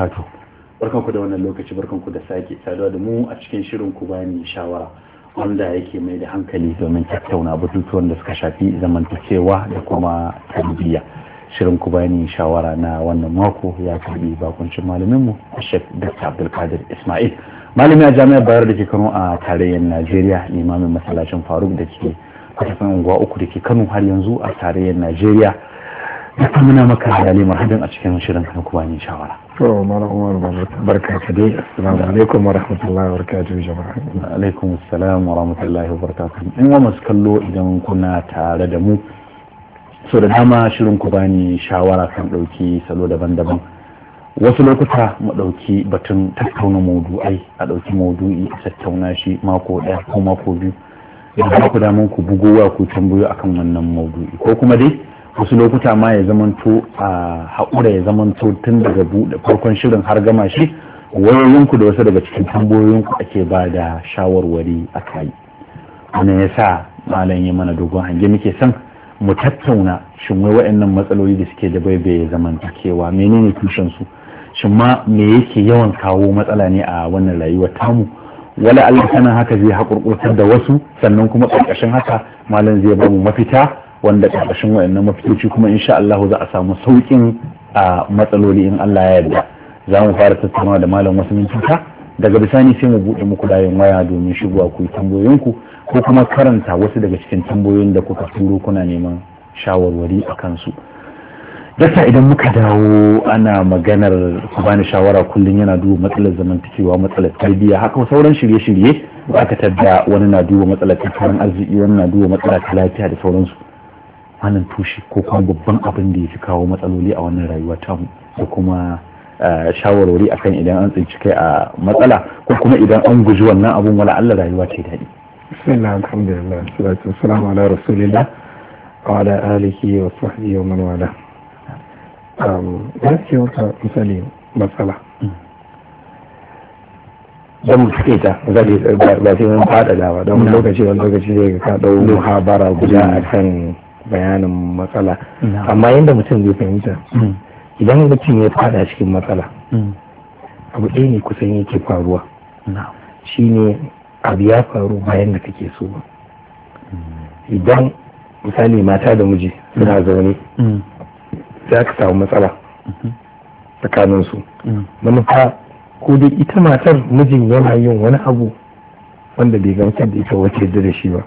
barakatu barkanku da wannan lokaci barkanku da sake saduwa da mu a cikin shirin ku bani shawara wanda yake mai da hankali domin tattauna batutuwan da suka shafi zamantakewa da kuma tarbiyya shirin ku bani shawara na wannan mako ya karbi bakuncin malamin mu Sheikh Dr. Abdulkadir Ismail malami a jami'ar Bayar da ke Kano a tarayyar Najeriya limamin masallacin Faruk da ke kasan unguwa uku da ke Kano har yanzu a tarayyar Najeriya ta muna maka halali mahadin a cikin shirin kan kuma ni shawara to mala umar barka ka dai assalamu alaikum wa rahmatullahi wa barakatuh jama'a alaikum assalam wa rahmatullahi wa barakatuh in wa masu kallo idan kuna tare da mu so da dama shirin ku bani shawara kan dauki salo daban-daban wasu lokuta mu dauki batun tattauna maudu'ai a dauki maudu'i a tattauna shi mako daya ko mako biyu idan ku damun ku bugowa ku tambayo akan wannan maudu'i ko kuma dai wasu lokuta ma ya zamanto a haƙura ya zamanto tun daga buɗe farkon shirin har gama shi wayoyinku da wasu daga cikin tambayoyinku ake ba da shawarwari a kai wannan ya sa malam ya mana dogon hange muke son mu tattauna shin wai waɗannan matsaloli da suke da baibaye zamantakewa menene tushen su shin ma me yake yawan kawo matsala ne a wannan rayuwar tamu wala Allah sanin haka zai haƙurƙurtar da wasu sannan kuma ƙarƙashin haka malam zai ba mu mafita wanda ƙarƙashin waɗannan mafitoci kuma insha Allah za a samu saukin a matsaloli in Allah ya yarda za mu fara tattaunawa da malam wasu mintuka daga bisani sai mu buɗe muku layin waya domin shigowa ku yi tambayoyinku ko kuma karanta wasu daga cikin tambayoyin da kuka turo kuna neman shawarwari a kansu dakta idan muka dawo ana maganar ku bani shawara kullum yana duba matsalar zamantakewa matsalar tarbiyya haka sauran shirye-shirye aka tadda wani na duba matsalar tattalin arziki wani na duba matsalar lafiya da sauransu wannan tushe ko kuma babban abin da ya fi kawo matsaloli a wannan rayuwa tamu da kuma eh, shawarwari akan idan an tsinci kai a matsala ko kuma idan an guji wannan abun wala Allah rayuwa ce daɗi. Bismillah alhamdulillah salatu wassalamu ala rasulillah wa ala alihi wa sahbihi wa man wala. Um, ya ce wata misali matsala. Don suke ta misali ba sai mun faɗaɗa ba don lokaci wani lokaci zai ka ɗau muhabara guda akan bayanin matsala amma yadda mutum zai fahimta mm. idan mutum ya fada cikin matsala mm. abu ɗaya ne kusan yake faruwa shi ne abu ya faru bayan da kake so ba mm. idan misali mata da miji suna zaune za ka samu matsala mm-hmm. tsakaninsu manufa ko dai ita matar mijin yana yin wani abu wanda bai gamsar da ita wace da shi ba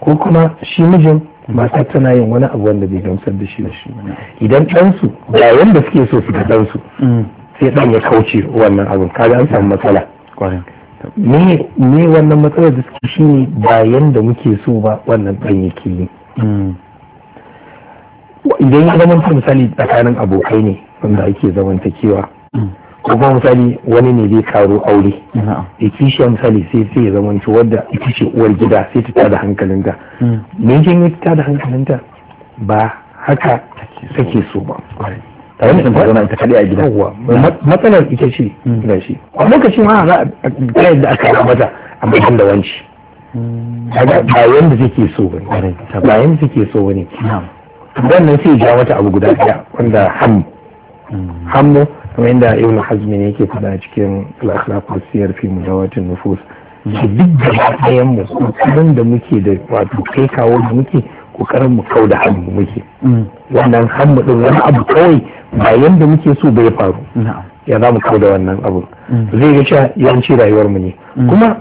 ko kuma shi mijin masu tana yin wani abu wanda bai gamsar da shi idan ɗansu ba wanda suke so su ga ɗansu mm. sai ɗan ya kauce wannan abin kaga an samu matsala ne wannan matsalar da suke shi ne ba yanda muke so ba wannan ɗan ke yi mm. idan ya zama misali tsakanin abokai ne wanda ake zamantakewa mm. kuma misali wani ne zai karo aure da kishiya misali sai sai ya zama wadda ita ce uwar gida sai ta tada hankalinta hmm. me kin yi ta tada hankalinta ba haka take so ba tare da ta zauna ita kaɗai a gida matsalar ita ce da hmm. shi a lokacin ma za a gaya da aka yi mata a matan da wanci hmm. ba yanda take so ba ne ba yanda take so ba ne wannan sai ja mata abu guda ɗaya wanda hannu. hammu kuma inda ibn hazmi ne yake fada cikin al-akhlaqus siyar fi mudawatin nufus duk gaba ɗayan mu kuma da muke da wato kai kawo da muke kokarin mu kau da hannu muke mm. wannan hannu din wani abu kawai ba yanda muke so bai faru ya za mu kau da wannan abu mm. zai ga cewa yawanci rayuwar mu ne mm. kuma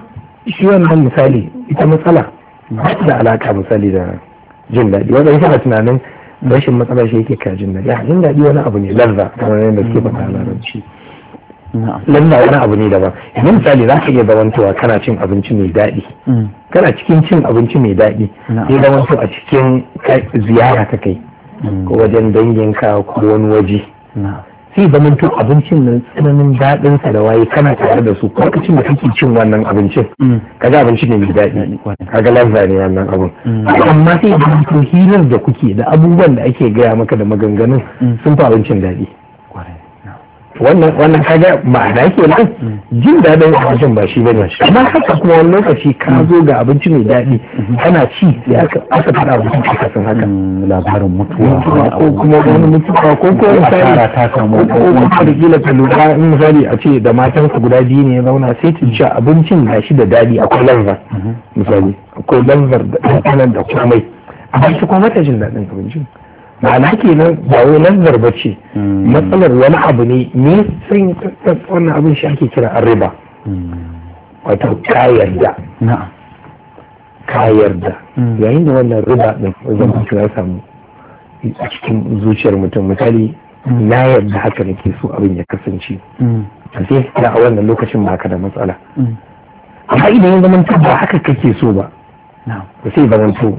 shi wannan misali ita matsala ba da alaka misali da jin daɗi wanda ita tunanin rashin matsala shi yake kajin da ya yin daɗi wani abu ne lalza kamar yadda suke faɗa larabci lalza wani abu ne daban yanzu misali za ka iya zamantowa kana cin abinci mai daɗi mm. kana cikin cin abinci mai daɗi ya zamanto a cikin ziyara ta kai mm. ko wajen danginka ko wani waje sai zaman tun abincin nan tsananin daɗin sa da waye kana tare da su lokacin da kake cin wannan abincin mm. kaga abincin ne mai daɗi Ka ga lafiya ne wannan abun mm. amma sai zaman tun hirar da kuke da abubuwan da ake gaya maka da maganganun mm. sun fi abincin daɗi wannan wannan kaga ke nan jin daɗin abincin ba shi bane amma haka kuma wani lokaci ka zo ga abinci mai daɗi kana ci ya aka aka fara abincin ka san haka hmm, labarin mutuwa ko kuma wani hmm. mutuwa ko ko misali ta samu ko kuma da kila lura in misali a ce da matansa guda biyu ne ya zauna sai ta ci abincin ga shi da daɗi akwai lanzar hmm. misali akwai lanzar da ɗanɗanan da komai a ba shi kuma mata jin daɗin abincin ma'ana kenan ba wai nazar ba ce hmm. matsalar wani abu ne ne san wannan abin shi ake kira an riba hmm. wato ka yarda ka yarda hmm. yayin da wannan riba din zama ya samu a cikin zuciyar mutum misali na yarda haka nake so abin ya kasance A sai da a wannan lokacin ba ka da matsala amma idan ya zama ba haka kake so ba sai ba zan so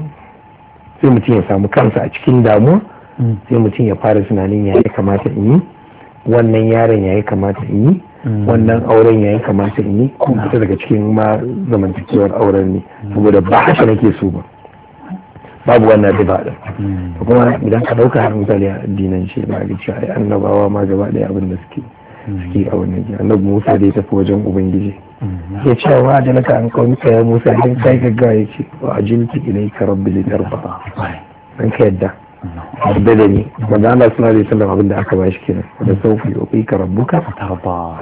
sai mutum ya samu kansa a cikin damuwa mm. sai mutum ya fara tunanin ya yi kamata in yi wannan yaron ya yi kamata in yi mm. wannan auren ya yi kamata in yi ko mm. fita daga cikin ma zamantakewar auren ne saboda ba haka nake so ba babu wannan riba da kuma idan ka dauka har misali a addinan shi ba ga cewa annabawa ma gaba ɗaya abin da suke suke a wannan annabi Musa da tafi wajen ubangiji ya ce wa da an kawo ka ya musa don kai gaggawa ya ce wa ajiltu ilayka rabbi li tarda dan ka yadda yarda da ni manzo ana suna da sallama abinda aka ba shi kenan da sauki ya kai ka rabbuka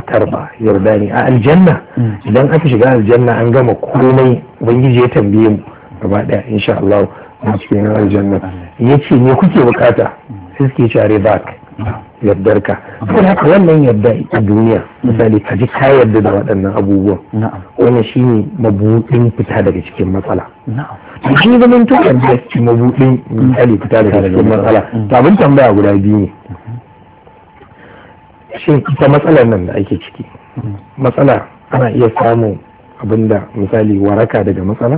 tarba yarda ne, a aljanna mm. idan aka shiga aljanna an gama komai ubangiji ya tambaye mu gaba daya insha Allah mu cikin aljanna yace me kuke bukata mm. suke share back yaddar ka ko haka wannan yadda a duniya misali ka ji ka yadda da waɗannan abubuwan wannan shine mabuɗin fita daga cikin matsala to shi zaman to yarda shi mabuɗin misali fita daga cikin matsala to abin tambaya guda biyu ne shin ita matsalar nan da ake ciki matsala ana iya samun abinda misali waraka daga matsala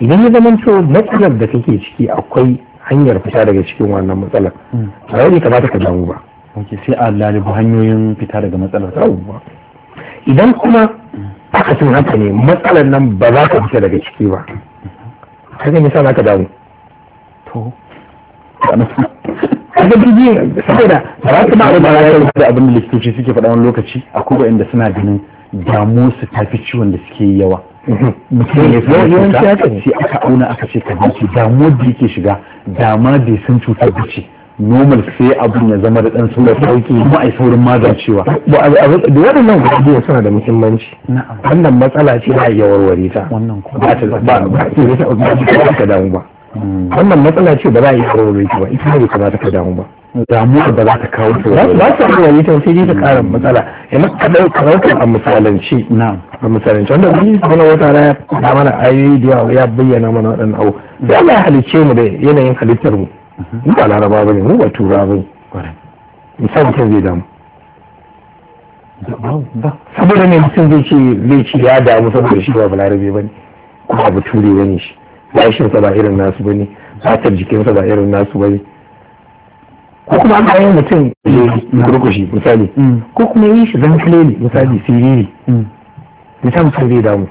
idan ya zaman to matsalar da kake ciki akwai hanyar fita daga cikin wannan matsalar ba yadda kamata ka damu ba ok sai a lalibu hanyoyin fita daga matsalar idan kuma aka cin haka ne matsalar nan ba za ka fita daga ciki ba haka ne sa za ka damu to kaga jirgin saboda ba za ka ba da ba da abin da likitoci suke faɗa wani lokaci akwai waɗanda suna ganin damu su tafi ciwon da suke yawa yawanci aka ce aka auna aka ce ka dace damuwar da yake shiga dama bai sun cutar da ce normal sai abun ya zama da dan sauran sauki kuma yi saurin magancewa da waɗannan gudaje suna da muhimmanci wannan matsala ce da ya warware ta wannan ko ba ta ba ba ta damu ba wannan matsala ce da ba ya warware ta ba ita ne ba ka damu ba damuwar ba za ta kawo su ba ba ta yi wani ta karin matsala yanzu ka ɗauka ɗaukar a misalanci a misalanci wanda wani wani wata na ya mana ayoyi da yawa ya bayyana mana waɗannan abu da Allah ya halicce mu da yanayin halittar mu mhm. mu ba laraba ba ne mu ba tura ba ne misali kan zai damu saboda ne mutum zai ce zai ya damu saboda shi ba balarabe ba ne kuma ba ture ba ne shi ba shi ba irin nasu ba ne ta jikinsa ba irin nasu ba ne ko kuma an kayan mutum kurkushi misali ko kuma yi shi zan ne misali siriri da ta mutum zai damu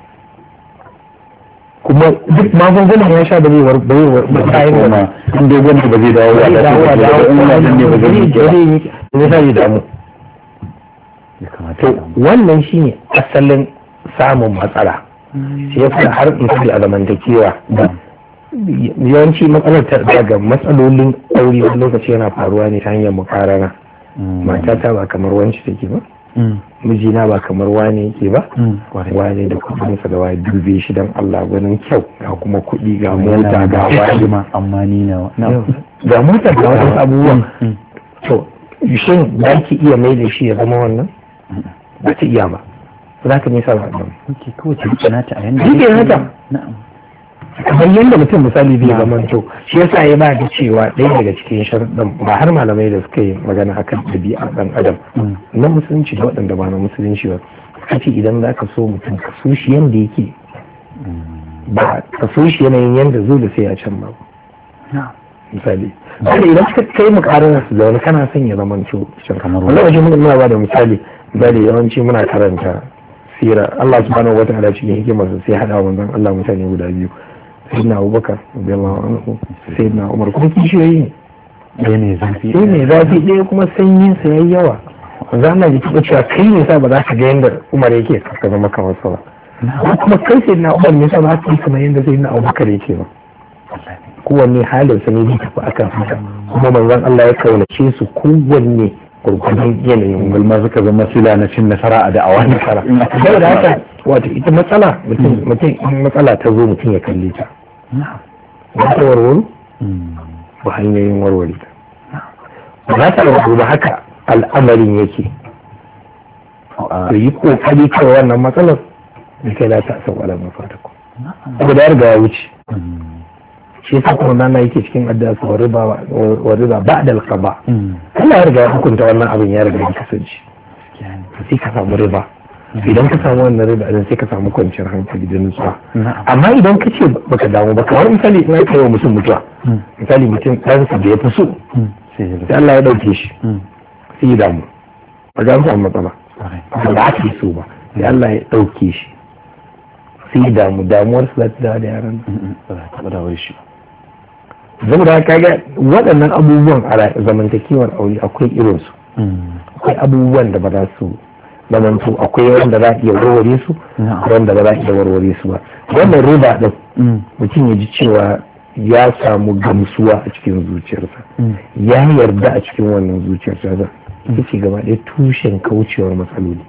kuma duk magungunan ya sha ba zai warke ba zai warke in dai gwamnati ba zai dawo ba da dawo da dawo ne ba zai yi da zai yi zai damu to wannan shine asalin samun matsala sai ya fara har misali a zamantakewa yawanci matsalar ta daga matsalolin aure wani lokaci yana faruwa ne ta hanyar mukarana mm. ta ba kamar wanci take ba mm. mijina ba kamar wane yake ba mm. wane da sa da wani dube shi don Allah gwanin kyau ga kuma kuɗi ga mota ga wani amma ni na ga mota ga wani abubuwan to shin da ki iya mai da shi ya zama wannan ba ta iya ba za ka nisa ba nan. Kike kowace ta a kamar yadda mutum misali bai zama to shi yasa ya ba da cewa ɗaya daga cikin sharuɗan ba har malamai da suka yi magana akan ɗabi'a ɗan adam na musulunci da waɗanda ba na musulunci ba ce idan za ka so mutum ka so shi yadda yake ba ka so shi yanayin yadda da sai a can ba misali wanda idan suka kai mukarar su da wani kana son ya zama to kamar wani wajen muna ba da misali misali yawanci muna karanta sira Allah subhanahu wa ta'ala cikin hikimarsa sai hada manzon Allah mutane guda biyu sayyidina abubakar radiyallahu anhu sayyidina umar kuma kishiyoyi ne ɗaya mai zafi ɗaya mai zafi ɗaya kuma sanyin sa yayi yawa za na ji taɓa cewa kai ne sa ba za ka ga yadda umar yake ka zama kamar sa ba kuma kai sayyidina umar ne sa ba ka yi kamar yadda sayyidina abubakar yake ba kowanne halin sa ne zai tafi akan haka kuma manzon Allah ya kaunace su kowanne gurgurdan yanayin gulma suka zama sila na cin nasara a da'awa nasara saboda haka wato ita matsala mutum matsala ta zo mutum ya kalle ta ba ta warwaru ba hanyoyin warware ba. ba ta warwaru ba haka al'amarin yake to yi kokari kan wannan matsalar da kai la ta sau ala mafatakum abu da yarda ya wuce shi yasa kuma na yake cikin addu'a su. riba wa riba ba'da al-qada Allah ya riga ya hukunta wannan abin ya riga ya kasance sai ka samu riba idan ka samu wannan rai da sai ka samu kwanciyar hankali da nutsuwa amma idan ka ce baka damu ba kamar misali ina kai wa mutum mutuwa misali mutum ɗansa da ya fi so sai Allah ya ɗauke shi sai ya damu ba ga samu matsala ba ba ake so ba sai Allah ya ɗauke shi sai ya damu damuwar su za ta dawo da yaran ba shi saboda kaga waɗannan abubuwan a zamantakewar aure akwai irinsu hmm. akwai abubuwan da ba za su Lamantu akwai wanda za iya warware su wanda ba za a iya warware su ba wannan riba din mm. mutum ya ji cewa ya samu gamsuwa a cikin zuciyarsa mm. ya yarda a cikin wannan zuciyarsa ya ce gaba ɗaya tushen kaucewar matsaloli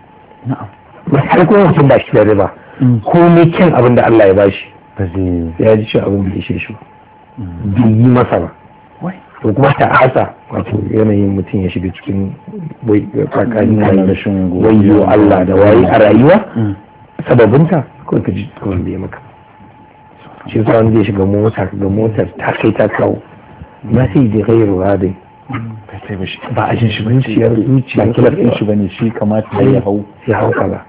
har kuma mutum ba shi da riba me mm. kyan abin da Allah ya bashi ya ji cewa abin da ya shi bai yi masa ba to kuma ta'asa wato yanayin mutum ya shiga cikin tsakanin rashin wayo Allah da waye a rayuwa mm. sababinta ko ka ji ko bai maka shi sa wanda ya shiga mota ga motar ta kai ta kawo ma sai da gairu radin ba a jin shi ba zuciya kila shi bane shi kamata ya eh, hau ya hau kaza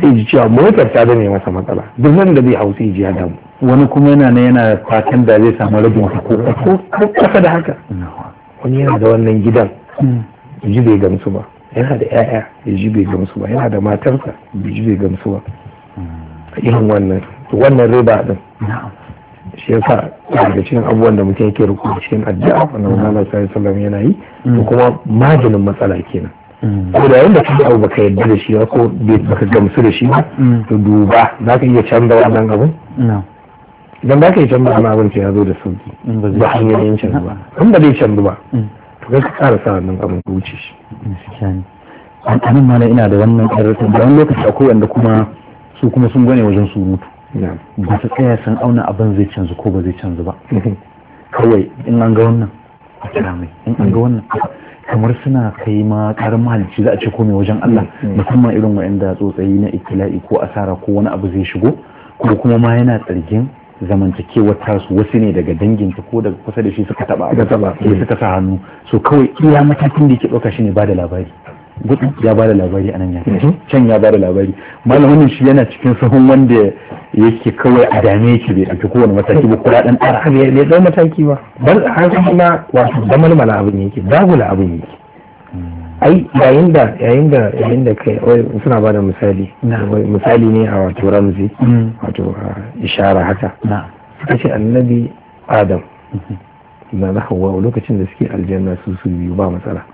sai ji cewa motar ta ne masa matsala duk nan da zai hau sai ji ya damu wani kuma yana na yana fatan da zai samu rabin ko kasa da haka wani yana da wannan gidan hmm. ji bai gamsu ba yana da 'ya'ya ya ji bai gamsu ba yana da matarsa Ya ji bai gamsu ba irin wannan wannan riba din shi yasa daga cikin abubuwan da mutum yake rukunin cikin addu'a wannan Allah sallallahu alaihi yana yi to hmm. kuma maganin matsala kenan ko da yanda kuma abu baka yadda da shi ba ko baka gamsu da shi ba mm. to duba za ka iya canza wannan abin idan za ka iya canza wannan abin ya zo da sauki ba hanyoyin canza ba in ba zai canza ba mm. to kai ka kara sa wannan abin ka wuce shi an anan malam ina da wannan karatun da wani lokaci akwai wanda kuma su kuma sun gane wajen surutu ba su tsaya sun auna abin zai canza ko ba zai canza ba kawai in an ga wannan a kira mai in an ga mm. wannan kamar suna kai ma karin mahalicci za a ce komai wajen Allah mm-hmm. musamman irin wa'anda tsotsayi na ikila'i ko asara ko wani abu zai shigo ko kuma ma yana tsargin zamantakewar tasu wasu ne daga danginta ko daga kusa da shi suka taba suka sa hannu so kawai iya matakin da yake ɗauka shi ne ba da labari gudu ya bada labari anan ya mhm. can ya bada labari malamin shi yana cikin sahun wanda yake kawai a dame shi bai ɗauki kowane mataki ba kula ɗan ara bai ɗau mataki ba bar har kuma wato da malmala abin yake dagula abin yake hmm. ai yayin da yayin da yayin da kai suna bada misali misali ne a wato ramzi hmm. wato ishara haka suka ce annabi adam mhm. na hawa lokacin da suke aljanna su su biyu ba matsala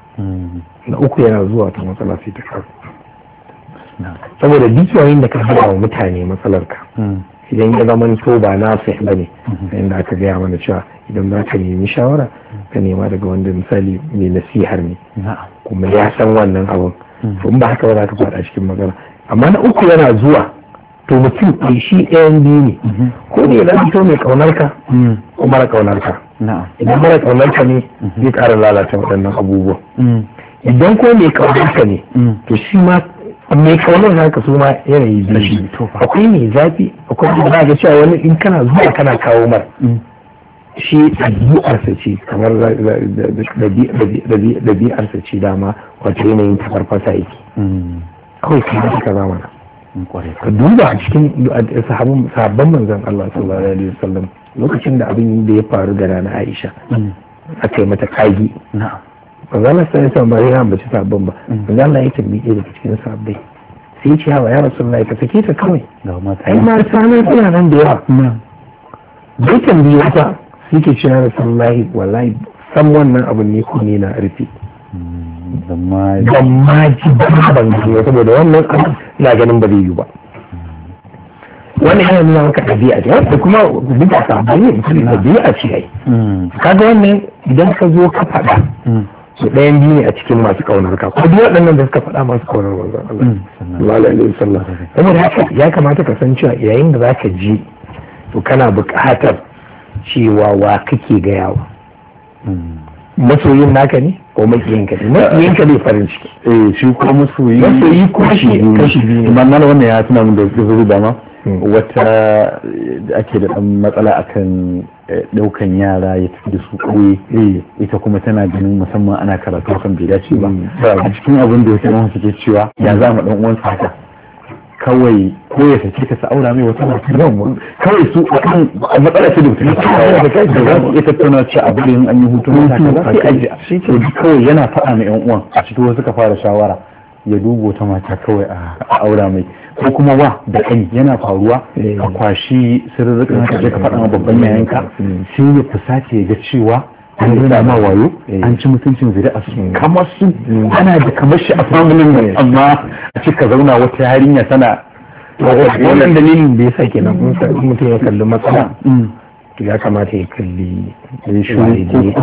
na uku yana zuwa ta matsala sai ta kasu saboda duk da ka haɗa wa mutane matsalar ka hmm. idan ya zama to ba na sai ba ne hmm. da aka gaya mana cewa idan za ka nemi shawara ka nema daga wanda misali mai nasihar ne kuma ya san wannan abin hmm. in ba haka ba za ka faɗa cikin magana amma na uku yana zuwa to mutum ɗin shi ɗayan biyu ne mhm. ko ne ya lalata mai kaunar mm. ko mara kaunarka idan mara kaunarka ne mhm. zai ƙara lalata waɗannan abubuwa mm. idan ko mai kaunarka ne mm. to shi ma mai kaunar haka su ma yanayi biyu shi akwai mai zafi akwai da ga cewa wani in kana zuwa kana kawo mara shi ɗabi'arsa ce kamar ɗabi'arsa ce dama wata yanayin tafarfasa yake kawai kamar ka zamana. ka duba a cikin sahabban manzon Allah sallallahu alaihi wasallam lokacin da abin da ya faru da rana Aisha mm. aka yi mata kagi manzon sai ya ba ya ambaci sahabban ba mm. manzon Allah ya tambaye daga cikin sahabbai sai ce hawa ya rasulullahi ka sake ta kawai ai ma sana suna nan da yawa bai tambaye wata sai ke ce ya rasulullahi wallahi san wannan abin ne ko ne na rufe mm. gammaji ba ban gani saboda wannan abu ina ganin ba zai yi ba wani hanyar nuna maka ɗabi'a ce wanda kuma duka sabani ɗabi'a ce ka hmm. kaga wannan idan ka zo ka faɗa hmm. su ɗayan biyu ne a cikin masu ƙaunar ka ko biyu waɗannan da suka faɗa masu ƙaunar wanzu Allah hmm. alaihi wasallam saboda haka ya kamata ka san cewa yayin da ka ji to kana buƙatar cewa wa kake gayawa masoyin naka ne ko makiyin ka ne makiyin ka ne farin ciki eh shi ko masoyi masoyi ko shi kashi biyu amma nan wannan ya tuna mun da zuru dama hmm. wata eh, ake da dan matsala akan daukan eh, yara ya tafi da su ƙauye hmm. ita kuma tana ganin musamman ana karatu kan bai dace ba hmm. a cikin abin da ya kana suke cewa ya za mu dan uwan haka kawai ko ya sake ta sa'aura mai wata kawai su a kan matsala ce da mutum da za su tattauna ce a an yi hutu kaza sai kawai yana faɗa mai yan uwan a cikin wasu ka fara shawara ya dubo ta mata kawai a aura mai ko kuma wa da kai yana faruwa a eh. kwashi sirrin ka je ka faɗa ma babban yayanka mm. sai ya fusace ya ga cewa an nuna ma wayo eh. an ci mutuncin a su eh. kamar su ana da kamar shi a familin eh. amma a cika zauna wata yarinya tana wannan dalilin da ya sa kenan mutum ya kalli matsala mm. ya kamata ya kalli wa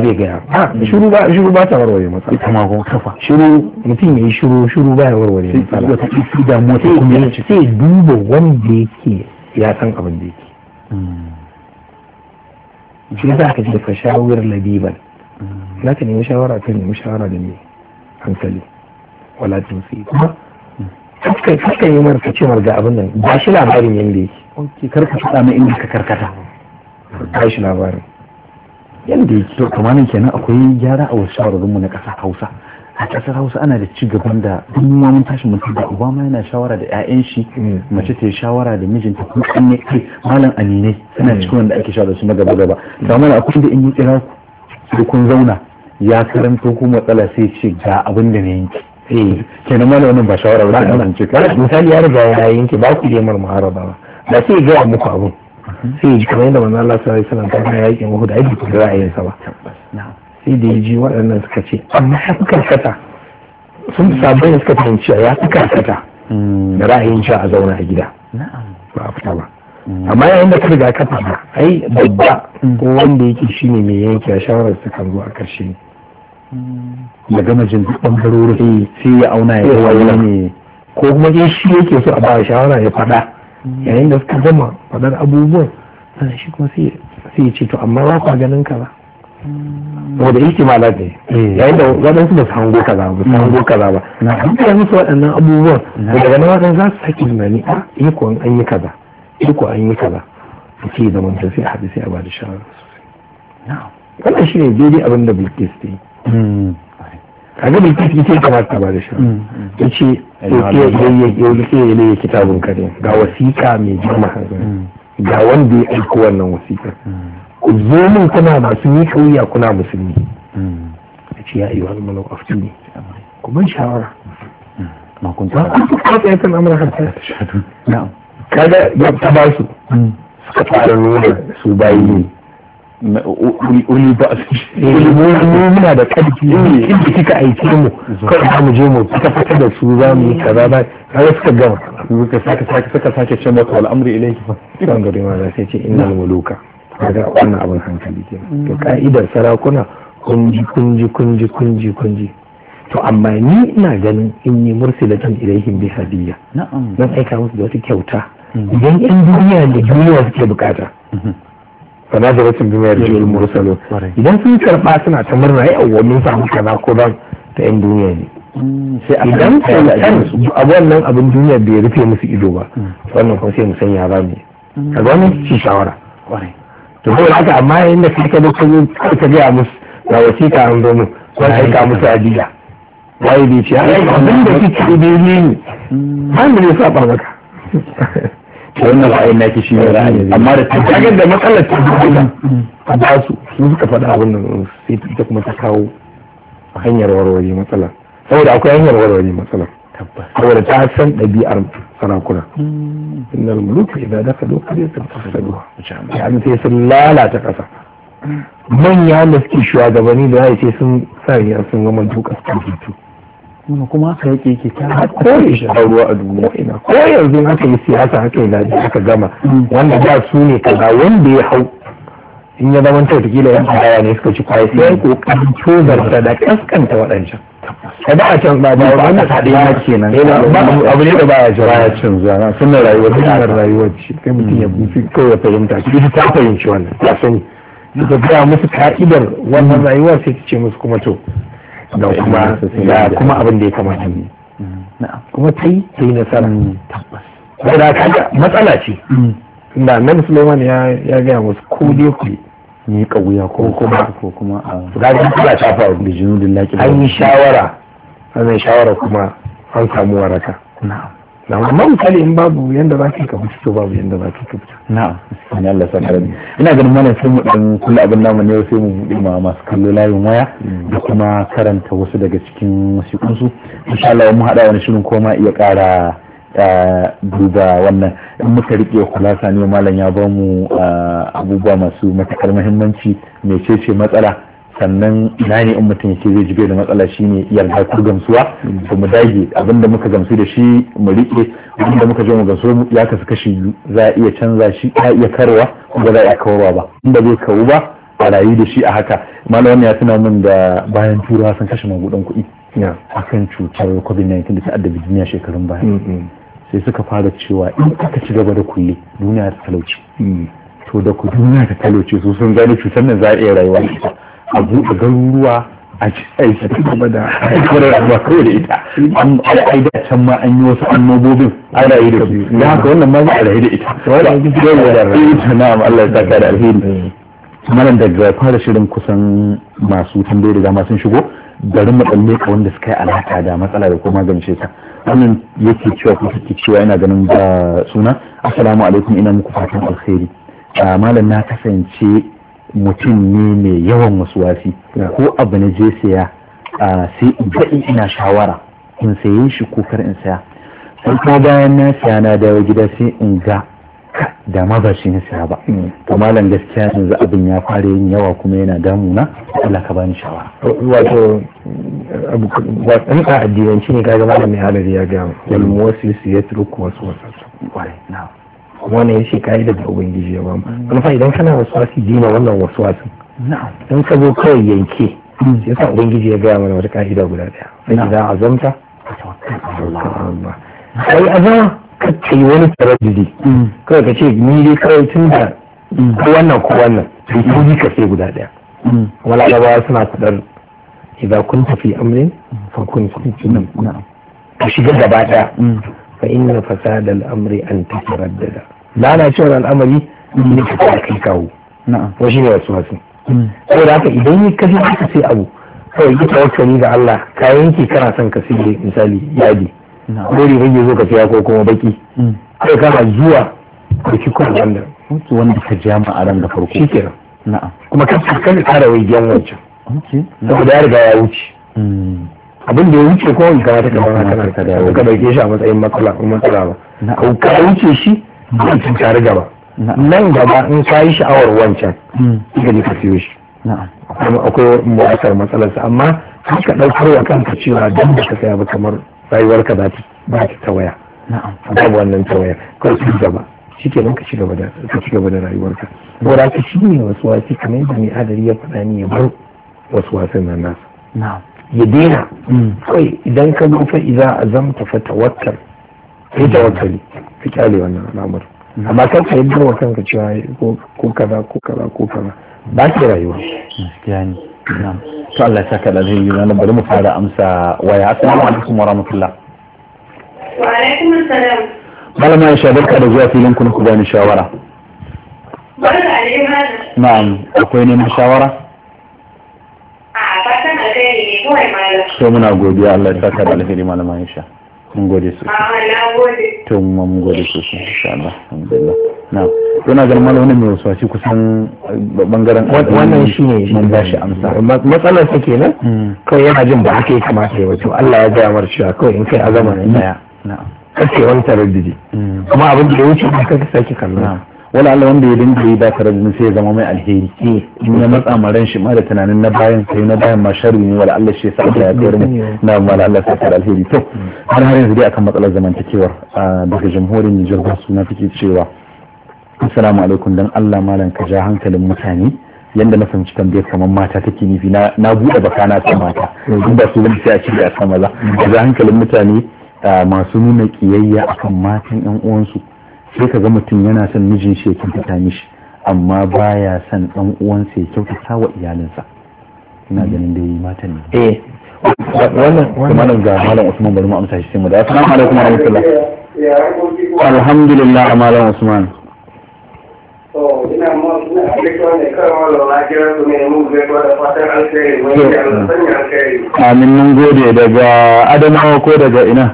zai gaya ah, shuru ba shuru ba ta warware matsala ita ma ko kafa shuru mutum ya yi shuru shuru ba ya warware matsala wata isi da mota kuma sai duba wanda yake ya san abin da yake mm. shi za ka jefa fashawir labiban za ka nemi shawara ka nemi shawara da mai hankali wala sai kuma kakka yi mara kace ga abin nan ba shi labarin yadda yake karka faɗa mai inda ka karkata ba shi labarin yadda yake to kamanin kenan akwai gyara a wasu shawararunmu na ƙasa hausa a ƙasar hausa ana da cigaban da duk mun tashi mutum da uba ma yana shawara da 'ya'yan shi mm. mace ta yi shawara da mijinta kuma kanne kai malam aminai suna mm. cikin wanda ake shawara su na gaba gaba da mana akwai da in yi kira ku kun zauna ya karanto ko matsala sai ce ga abin da na yanki eh. kenan malam wannan ba shawara ba ta ce ka misali ya riga ya yanki ba ku jemar muharaba ba da sai ga muku abin mm-hmm. sai ji kamar yadda manzo Allah sallallahu alaihi wasallam ta yakin Uhud a yi ra'ayin sa ba sai da ya ji waɗannan suka ce amma ya fi karkata sun sabon da suka fahimci ya fi karkata da ra'ayin sha a zauna a gida ba a fita ba amma yayin da ka riga ka ba ai babba ko wanda yake ne mai yanke a shawarar su kan zo a karshe ya gama jin bangarori sai ya auna ya wani ne ko kuma dai shi yake so a ba shawara ya faɗa yayin da suka gama faɗar abubuwan sannan shi kuma sai ya ce to amma ba kwa ganin ka ba wanda ihtimala ne eh. yayin da waɗansu ba su hango kaza ba su hango kaza ba an biya musu waɗannan abubuwan da daga nan waɗansu za su saki tunani a ah, iko an yi kaza iko an yi kaza su ce zaman ta sai a haɗu sai a ba da shawara wannan shi ne daidai abin da bilkis ta yi hmm. kaga bilkis ita ya kamata ta ba da shawara hmm, hmm. ya ce yauke ya laye kitabun kare ga wasiƙa mai girma ga wanda ya aiko wannan wasiƙa ku zo min kuna masu yi kauya kuna musulmi a ce ya ayyuhal malau aftuni ku ban shawara ma ya ta kuma ta kan amurka ta kada ya ta ba su hmm. suka fara nuna su bayi ne uli ba eh, muna da karfi eh. inda kika aiki mu kawai ba mu je mu fita fita da su za mu yi kaza ba kaga suka gama suka sake sake suka sake ce maka al'amri ilayki fa kan gari ma sai ce innal muluka daga wannan abin hankali ke to ka'idar sarakuna kunji kunji kunji kunji kunji to amma ni ina ganin in yi mursilatan ilaihim bi hadiyya zan aika musu da wata kyauta mm-hmm. idan yan duniya da duniya suke bukata sana mm-hmm. da rashin bi mayar jirgin mursalo idan sun karba suna ta murna ai mun samu kaza ko ban ta yan duniya ne mm, idan a wannan abin duniya bai rufe musu ido ba mm. wannan kuma sai mu sanya ba ne a wannan shi shawara to ko haka amma yayin da kika da kun ka ga musu ga wasiƙa an zo mu ko ka musu ajiya wai bi ce ai abin da kike da ni ba mu ne sa ba maka wannan ra'ayin naki shi ne ra'ayi amma da ta kaga da matsalar ta duka a ba su sun suka faɗa abin nan sai ta kuma ta kawo hanyar warware matsalar saboda akwai hanyar warware matsalar saboda ta san ɗabi'ar sarakuna innal muluku idan dafa lokacin ta fasaduwa ya sai sun lalata ƙasa manya da suke shugabanni da ya ce sun sa riya sun zama duka su hutu kuma haka yake ke ta kore shi a ruwa a duniya ina ko yanzu haka yi siyasa haka yi lafiya haka gama mm. wanda ba su ne kaza wanda ya hau in ya zama ta kila yan baya ne suka ci kwaye sai ko kan ta da kaskanta waɗancan Ka ba a can ba da ba wanda ta ɗaya na kenan abu ne da ba ya jira ba a can zana sunan rayuwar ta yanar rayuwar ce kai mutum ya fi kawai ya fahimta shi ta fahimci wannan ya sani Da gaya musu ka'idar wannan rayuwar sai ta ce musu kuma to da kuma da kuma abin da ya kamata ne kuma ta yi ta yi na nasara tabbas da kaga matsala ce mm. da nan Suleiman ya gaya musu ko dai ku ne kawuya ko kuma ko kuma a gari kula ta faru da junudin laki an yi shawara an yi shawara kuma an samu waraka na'am na amma misali in babu yanda za ka ka fita to babu yanda za ka ka fita na'am in Allah sa karami ina ganin mana sai mu dan kullu abin namu ne sai mu bude ma masu kallo layin waya mm. da kuma karanta wasu daga cikin wasu kunsu insha Allah mu hada wani shirin koma iya ƙara duba wannan in muka rike kulasa ne malam ya ba mu abubuwa masu matakar muhimmanci cece matsala sannan ina ne in mutum ke zai jibe da matsala shine yarda ku gamsuwa to mu dage abinda muka gamsu da shi mu rike abinda muka je mu gamsu ya kasu kashi biyu za a iya canza shi ya iya karwa ba za a iya kawarwa ba inda zai kawu ba a rayu da shi a haka malam wannan ya tuna min da bayan turawa sun kashe magudan kuɗi akan cutar covid-19 da ta'adda virginia shekarun baya mm, mm. sai suka fara cewa in aka ci gaba da kulle duniya ta talauci to da ku duniya ta talauci su sun gani cutar nan za a iya rayuwa a buɗe garuruwa a ci aiki ta kuma da kwarar rayuwa kawai da ita an ai da can ma an yi wasu annobobin a rayu da su da haka wannan ma za a rayu da ita ita na'am Allah ya saka da alheri malam daga fara shirin kusan masu tambayar da dama sun shigo garin matsalle wanda suka yi alaƙa da matsala da kuma gamshe ta wannan yake cewa ko take cewa yana ganin ba suna assalamu alaikum ina muku fatan alkhairi ah, malam na kasance mutum ne mai yawan wasuwasi ko abu na je saya ah, sai in ina shawara in sayi shi ko kar in saya sai ka bayan na saya na dawo gida sai in ga ka da ma ba shi na ba to malam gaskiya yanzu abin ya fara yin yawa kuma yana damuna Allah ka bani shawara wato wasan a addiyanci ne kaga malam mai halari ya ga wal muwassis wasu wasu kwarai Kuma wani ya ce kayi daga ubangiji ya bamu wani fa idan kana waswasi dina wannan wasu waswasin don ka zo kawai yanke ya sa ubangiji ya gaya mana wata ka'ida guda daya sai idan azamta kai azama kacce wani taraddudi kawai ka ce ni dai kawai tun da ko wannan ko wannan to yi ka sai guda daya wala labawa suna fadar idan kun tafi amrin fa kun kun ka shiga gaba daya mm. fa inna fasada al-amri an tataraddada lalacewar al'amari ne ka kai kawo wa shine wasu wasu ko mm. da haka idan yi kaji ka sai abu kawai yi tawakkali ga Allah ka yanke kana son ka sai misali yadi gori rage zo ka siya ko kuma baki kai mm. kana zuwa da ki kuma wanda wanda ka ja ma a ran da farko shikenan na'am kuma ka kan tsara wai gyan wancan saboda ya riga ya wuce mm. abin da ya wuce ko wani kamata ka zama da ka dauke shi a matsayin matsala ko matsala ba ka wuce shi ba tun ka riga ba nan gaba in ka yi sha'awar wancan mm. ka je ka siyo shi akwai mu'asar matsalarsa amma ka ɗaukar wa kanka cewa don da ka saya ba kamar rayuwarka ba ta tawaya babu wannan tawaya kawai su gaba shi ke ka shiga da ka ci da rayuwarka gora ka shi ne wasu wasi kamar yadda mai adari ya faɗa ni ya bar wasu wasan nan nasu ya daina mm. kawai idan ka zo fa idan azamta fa tawakkal kai tawakkali ka kyale wannan al'amur. Mm. amma kan ka yadda wa kanka cewa ko kaza ko kaza ko kaza ba ki rayuwa gaskiya ne na'am to Allah ya saka da alheri na bari mu fara amsa waya assalamu alaikum wa rahmatullah wa alaikum assalam malama ya shabarka da zuwa filin kun ku bani shawara barka al'imran na'am akwai neman shawara a fatan alheri ne kawai malam to muna godiya Allah ya saka da alheri malama Aisha mun gode sosai a na gode to mun gode sosai insha Allah alhamdulillah na'am yana ganin wani wani mai wasu kusan bangaren wannan shi ne mun ba shi amsa matsalar sa kenan hmm. kawai yana jin ba ake ya kamata ya wato Allah ya gaya mar cewa kawai in kai azama ne na kace wani taraddudi hmm. kuma abin da ya wuce ba kai sake kallon wala Allah wanda ya dinga yi ba taraddudin sai ya zama mai alheri hmm. in ya matsa maran shi ma da tunanin na bayan sai na bayan ma sharri ne wala Allah shi ya sa ya kawar mu na wala Allah sai ta alheri to har har yanzu dai akan matsalar zamantakewar ah, daga jamhuriyar Nijar ba suna na fice cewa assalamu alaikum dan Allah malam ka ja hankalin mutane yanda na fahimci tambayar kamar mata take nufi na bude baka na ta mata in ba su sai a cire a sama za ka ja hankalin mutane masu nuna kiyayya akan matan yan uwansu sai ka ga mutum yana son mijin shi ya kyautata mishi amma baya son dan uwansa ya kyautata wa iyalinsa ina ganin dai matan ne eh wannan ga malam Usman bari mu amsa shi sai mu da assalamu alaikum warahmatullahi alhamdulillah malam Usman Amin mun gode daga Adamawa ko daga ina?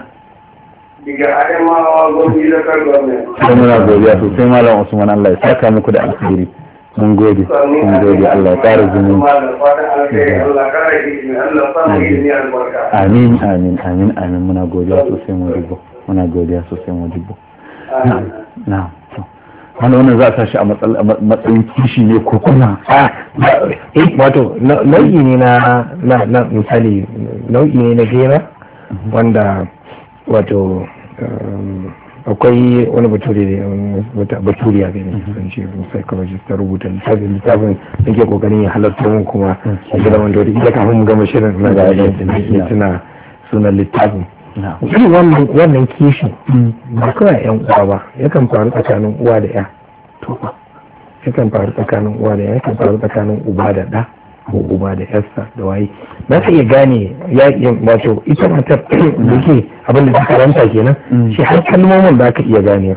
Daga Adamawa gobe da kargwamnan. Sai muna godiya sosai Malam Usman Allah ya saka muku da alkhairi. Mun gode, mun gode Allah ya ƙara zumi. Amin, amin, amin, amin muna godiya sosai mu dubu. Muna godiya sosai mun dubu. na'am. wani wannan za a sa shi a matsayin kishi ne ko kuna eh, wato nau'i ne na misali nau'i ne na gera wanda wato eh, akwai wani baturiya ne sun ce psychologist ta rubuta littafin littafin da ke kokarin ya halarta mun kuma a gida wanda wata ita kafin mu gama shirin na da ya tuna sunan littafin irin wannan wannan kishi ba kawai yan uwa ba yakan faru tsakanin uwa da ya yakan faru tsakanin uwa da ya yakan faru tsakanin uba da ɗa ko uba da yarsa da waye za ta iya gane ya iya wato ita matar da ke abin da ta karanta kenan mm. shi har kalmomin da ka iya gane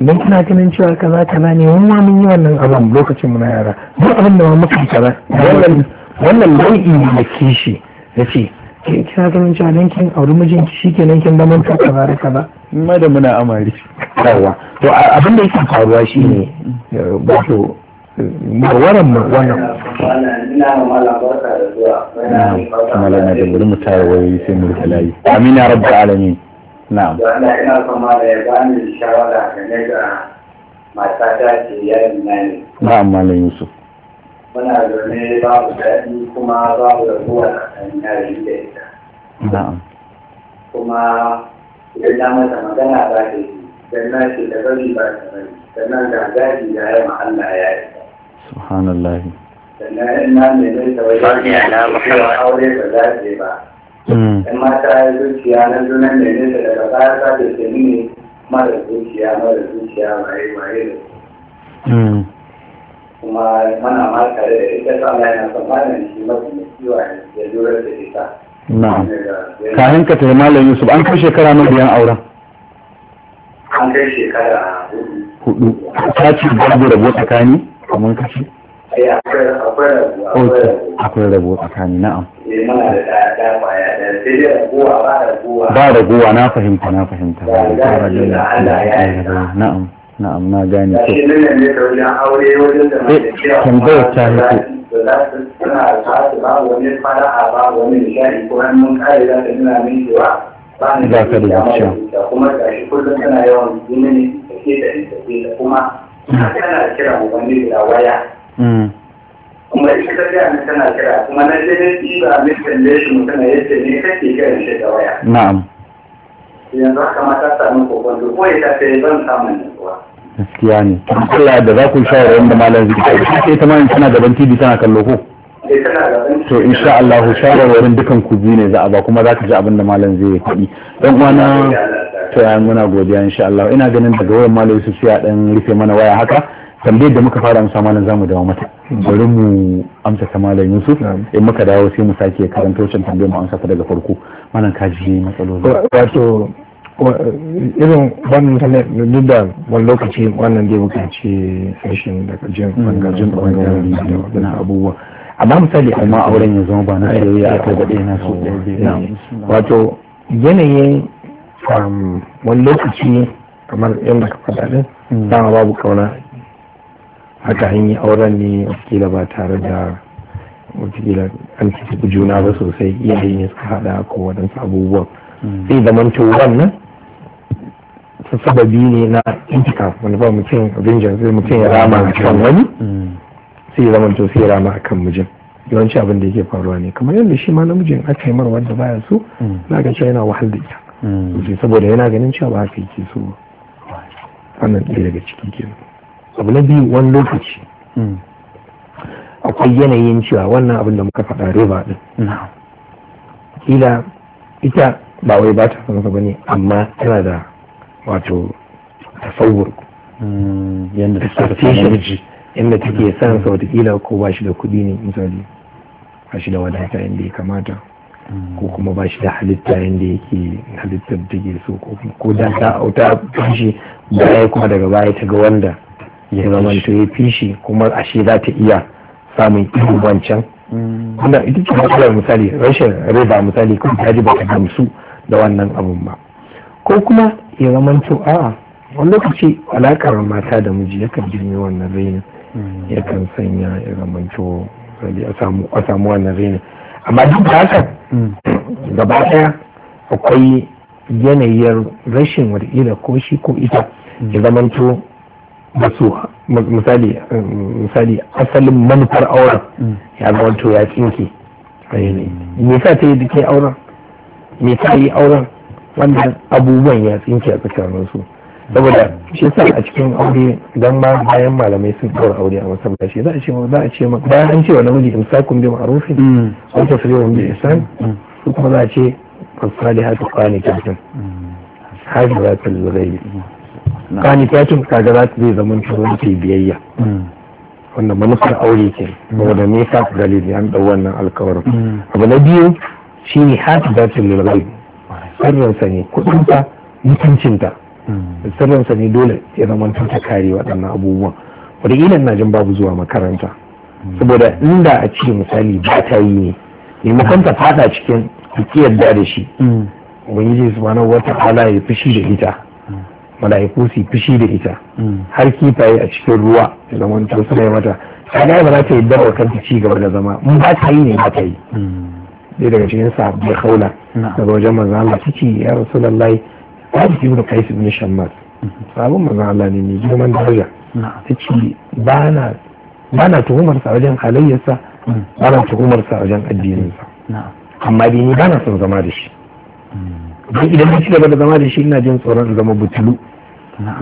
don kina ganin cewa kaza ka ne wani mun yi wannan abin lokacin muna yara duk abin da ma muka kaza wannan nau'i ne na kishi na ce ke kina ganin cewa kin auri mijinki shikenan kin zaman ta kaza da kaza ma da muna amari yawa to abin da yake faruwa shine Ina marwaran marwaran kuma lana da bari mu sai mu rika layi amina rabbal alamin na'am da ina son ma da ya bani shawara da matata ce yayin nan na'am malam yusuf muna zaune babu daɗi kuma babu rabuwa tsakanin yare da ita. Kuma idan na mata magana ba ta yi, idan na ce da bari ba ta bari, sannan ga gadi ya yi Allah ya yi. Subhanallah. Sannan in na nemi ta wajen cewa aure ba za ta yi ba. Yan hmm. mata ya zuciya na zunan nemi ta daga baya za ta ce mini mara zuciya mara zuciya waye waye da su. Hmm. kuma mana ma tare da ita ta mai na tsammanin shi mafi kiwa ya lura da ita na'am kayan ka tafi malam yusuf an kai shekara na biyan auren an kai shekara hudu Hudu, ta ce babu rabo tsakani kamar kashi eh, akwai rabo tsakani na'am eh, ba raguwa na fahimta na fahimta ba raguwa na'am na'am na gane ko eh, tambayar ta za ka da zuciya kuma ga shi kullum tana yawan jini ne da ke da ita da kuma mm. tana kira wani da waya mm. kuma ita ta gaya kira kuma na ba mai kalle shi mutum ya ne kake shi waya yanzu haka mata samu kokon ko ya tafi zan gaskiya ne Allah da za ku yi shawarar da malam zikir sai ta malam tana gaban TV tana kallo ko eh, to insha Allah shawarwarin dukan ku biyu ne za a ba kuma za ka ji abin da malam zai faɗi dan uwana to ya muna godiya insha Allah ina ganin daga wayan malam Yusuf ya dan rufe mana waya haka tambayar da muka fara amsa malam zamu dawo mata bari mu amsa ta malam Yusuf in muka dawo sai mu sake karanto wancan tambayar mu amsa ta daga farko malam ka ji matsaloli wato irin wannan duk da wani lokaci wannan dai muka ce fashin daga jin mm. bangajin bangarori abubuwa amma misali amma auren ya zama ba na soyayya aka ga ɗaya eh, na so wato yanayin um, wani lokaci kamar yadda ka faɗa din mm. dama babu kauna haka an yi auren ne wakila ba tare da wakila an tafi juna ba sosai yadda ne suka hada ko waɗansu abubuwan sai hmm. da manta wannan su sababi ne na intika wani ba mutum vengeance sai mutum ya rama a kan hmm. wani sai zaman to sai rama a kan mijin yawanci abin da yake faruwa ne kamar yadda shi ma namijin aka yi marwar da baya so na hmm. ga cewa yana wahal da ita saboda yana ganin cewa ba haka yake so wannan ɗaya daga cikin kenan abu na biyu wani lokaci hmm. akwai yanayin cewa wannan abin da muka faɗa riba ɗin kila ita ba wai ba ta san ba ne amma tana da wato tasawur hmm, yadda take hmm. san sa watakila ko ba shi da kuɗi ne misali ba shi da wadata yadda ya kamata ko kuma ba shi da halitta yadda yake halittar da ke so ko da ta auta shi baya kuma daga baya ta ga wanda ya zamanto ya fi shi kuma ashe za ta iya samun ihu wancan wanda ita ce matsalar misali rashin riba misali kuma ta ji baka gamsu da wannan abun ba ko kuma ya aa a wani lokaci alakar mata da miji yakan jirme wannan ya yakan sanya ya zamanto a samu wannan raini amma duk da haka gaba daya akwai yanayin rashin wadda ko shi ko ita ya zamanto da su misali misali asalin manufar auren mm. ya ga wato ya tsinke me sa ta yi duke auren me sa yi auren wanda abubuwan ya tsinke a tsakanin su saboda shi sa a cikin aure dan ba bayan malamai sun ɗaura aure a masallaci za a ce za a ce bayan an ce wa namiji imsakun bi ma'rufin mm. wa tasrihun bi ihsan mm. su kuma za a ce fasalihatu qanitatun hajjatul ghaibi kani takin kaga za ta zai zama ta wani biyayya wannan manufar aure ke saboda ne ka dalili an ɗau wannan alkawarin abu na biyu shi ne shine hatibatul lil ghaib sirrinsa ne kudinta mutuncinta sirrinsa ne dole ya zama ta kare waɗannan abubuwan wataƙila na jin babu zuwa makaranta saboda inda a ce misali ba ta yi ne maimakon ta fada cikin ki yadda da shi ubangiji subhanahu wata ala ya fushi da ita mala'iku su fushi da ita har kifaye a cikin ruwa da zaman to suna yi mata kaga ba za ta yi dawo kanta ci gaba da zama Mun ba ta yi ne ba ta yi dai daga cikin sahabbai kaula daga wajen manzo Allah ciki ya rasulullahi ya ji ibn qais ibn shammas sabon manzo Allah ne ne girman daraja ciki ba na ba na tuhumar sa wajen halayyarsa mm. ba na tuhumar sa wajen addininsa amma dai ni ba na son zama da shi mm. don idan ba ci gaba da zama da shi ina jin tsoron zama butulu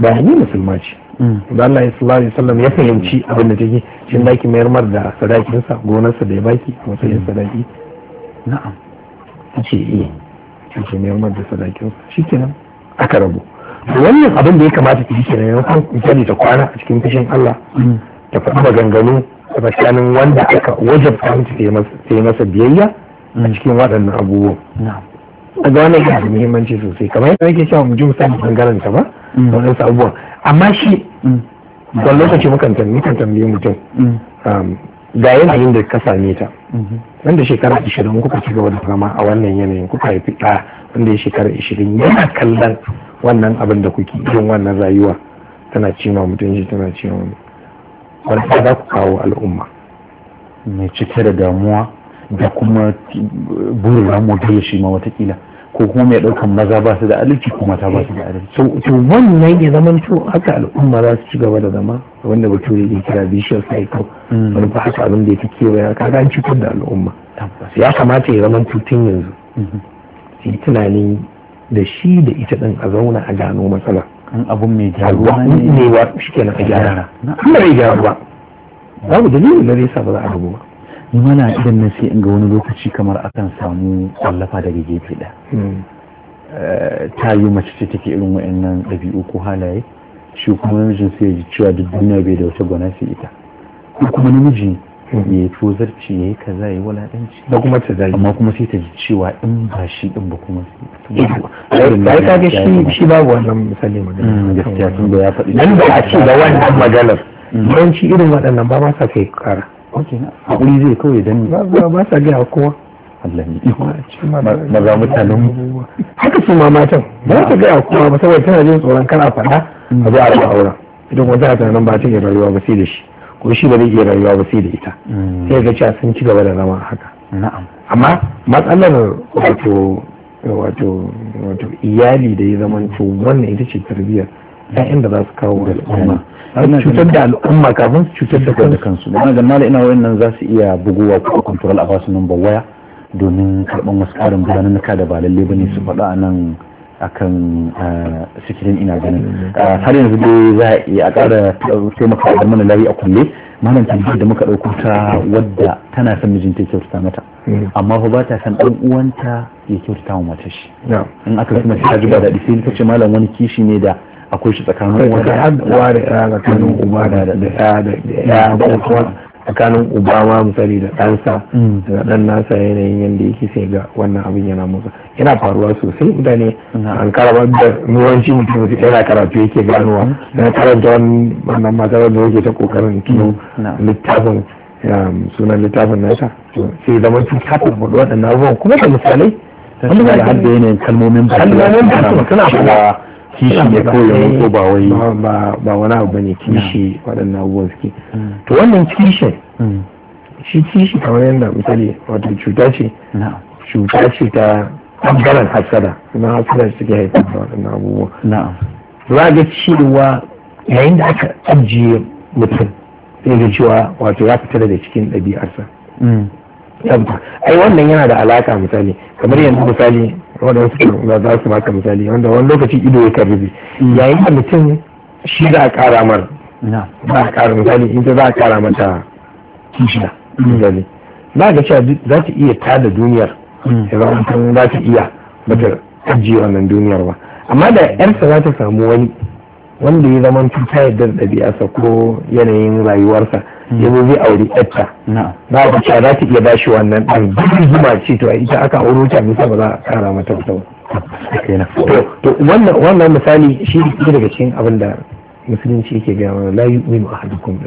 ba ni musulma ce mm. da Allah ya sallallahu alaihi wasallam ya fahimci abin da take shin zaki mayar mar da sadakinsa gonarsa da ya baki matsayin sadaki na'am ce eh ce mayar mar da sadakinsa shikenan aka rabu wannan abin da ya kamata ki kenan yanzu misali ta kwana a cikin fishin Allah mm. ta fara maganganu a tsakanin wanda aka wajabta mutum ta yi masa biyayya a mm. cikin waɗannan abubuwan daga wannan yana da muhimmanci sosai kamar yadda nake cewa mu ji misali bangaren ta ba mm. wannan sabuwa amma shi don mm. lokaci mukan tambaye mutum mm. um, ga yanayin da ka same ta mm-hmm. nan da shekara 20 kuka ci gaba da zama a wannan yanayin kuka haifi ɗa wanda ya shekara 20 yana kallon wannan abin da kuke yin wannan rayuwa tana cima mutum shi tana cima wani wani za ku kawo al'umma mai cike da damuwa da kuma burin ramu da shi ma watakila ko kuma mai daukan maza ba su da aliki kuma ta ba su da aliki to wannan ya zama to haka al'umma za su ci gaba da zama wanda bature ya kira bishiyar cycle mm. wani ba haka abin da ya fi kewaya kaga an cutar da al'umma ya kamata ya zama tutun yanzu mm-hmm. su yi tunani da shi da ita din a zauna a gano matsala an abun mai gyaruwa ne wa shi kenan a gyara An kuma bai gyaru ba babu dalilin da zai sa ba za a rubu ba mana idan na sai in ga wani lokaci kamar akan samu kwallafa daga gefe ɗaya hmm. eh, ta yi mace ce take irin wa'annan ɗabi'u ko halaye shi kuma namijin sai ya ji cewa duk duniya bai da wata gwana sai ita ko kuma namiji hmm. ya yi tozarci ya yi kaza ya yi walaɗanci da kuma ta zai amma kuma sai ta ji cewa in ba shi din ba kuma sai ta yi eh, shi shi babu wannan misali magana hmm, gaskiya tun da ya faɗi nan ba a ce da wannan maganar yawanci irin waɗannan ba ma sa kai kara Ok haƙuri zai kawai danne ba ba sa gaya kowa Allah ne maza mutanen haka su ma matan ba ta gaya kowa ba saboda tana jin tsoron kana faɗa a zuwa a auren idan wata ta tunanin ba ta iya rayuwa ba sai da shi ko shi ba zai iya rayuwa ba sai da ita mm. sai ga cewa sun ci gaba da zama haka Na'am. amma matsalar wato wato wato iyali da ya zama to wannan ita ce tarbiyyar 'ya'yan da za su kawo al'umma cutar da al'umma kafin su cutar da kansu da ga mala ina nan za su iya buguwa ko control a basu nan waya domin karban wasu karin na da ba lalle bane su faɗa a nan akan eh, sikirin ina ganin eh, har yanzu dai za a iya ƙara taimaka da mana lari a kulle malam tambayar da muka ɗauko ta wadda tana son mijinta ya kyautata mata hmm. amma fa ba ta san ɗan uwanta ya kyautata wa matashi shi in aka kuma ta ji ba daɗi sai ta ce malam wani kishi ne da akwai shi tsakanin uwa da ya tsakanin uba da ya da ya kuma tsakanin uba ma misali da ɗansa hmm. da ɗan nasa yanayin yadda yake sai ga wannan abin yana musa yana faruwa sosai mutane hmm. an karaba da nuwanci mutum su yana karatu yake ganowa na karanta wannan matarar da yake ta kokarin kino hmm. littafin um, sunan littafin nasa sai zama cuta ta faɗi waɗannan abubuwan kuma da misalai wanda da hadda yanayin kalmomin ba kalmomin ba suna faɗawa kishi ne ko ya ko ba wai ba wani abu bane kishi waɗannan abubuwan suke hmm. to wannan kishin hmm. shi kishi kamar yadda misali wato cuta ce cuta ce ta ɓangaren hasada kuma hasada suke haifar da waɗannan abubuwa za ga cewa yayin da aka ajiye mutum sai ga cewa wato ya fita daga cikin ɗabi'arsa hmm. ai wannan yana da alaka misali kamar yanzu misali waɗansu da za su maka misali wanda wani lokaci ido ya karbi mm. yayin da mutum shi za a kara mar za a kara misali in za a kara mata kishiya mm. misali za ga cewa za ta iya tada duniyar mm. ya zama mutum za ta iya bata ajiye wannan duniyar ba amma da yarsa za ta samu wani wanda ya zama ta yadda da ɗabi'arsa ko yanayin rayuwarsa ya zo zai aure ɗanta ba ku ta za ta iya ba shi wannan ɗan zuma ce to ita aka auro ta nisa ba za a kara mata wata to wannan misali shi ne daga cikin abin da musulunci yake gaya mana la yu'minu ahadukum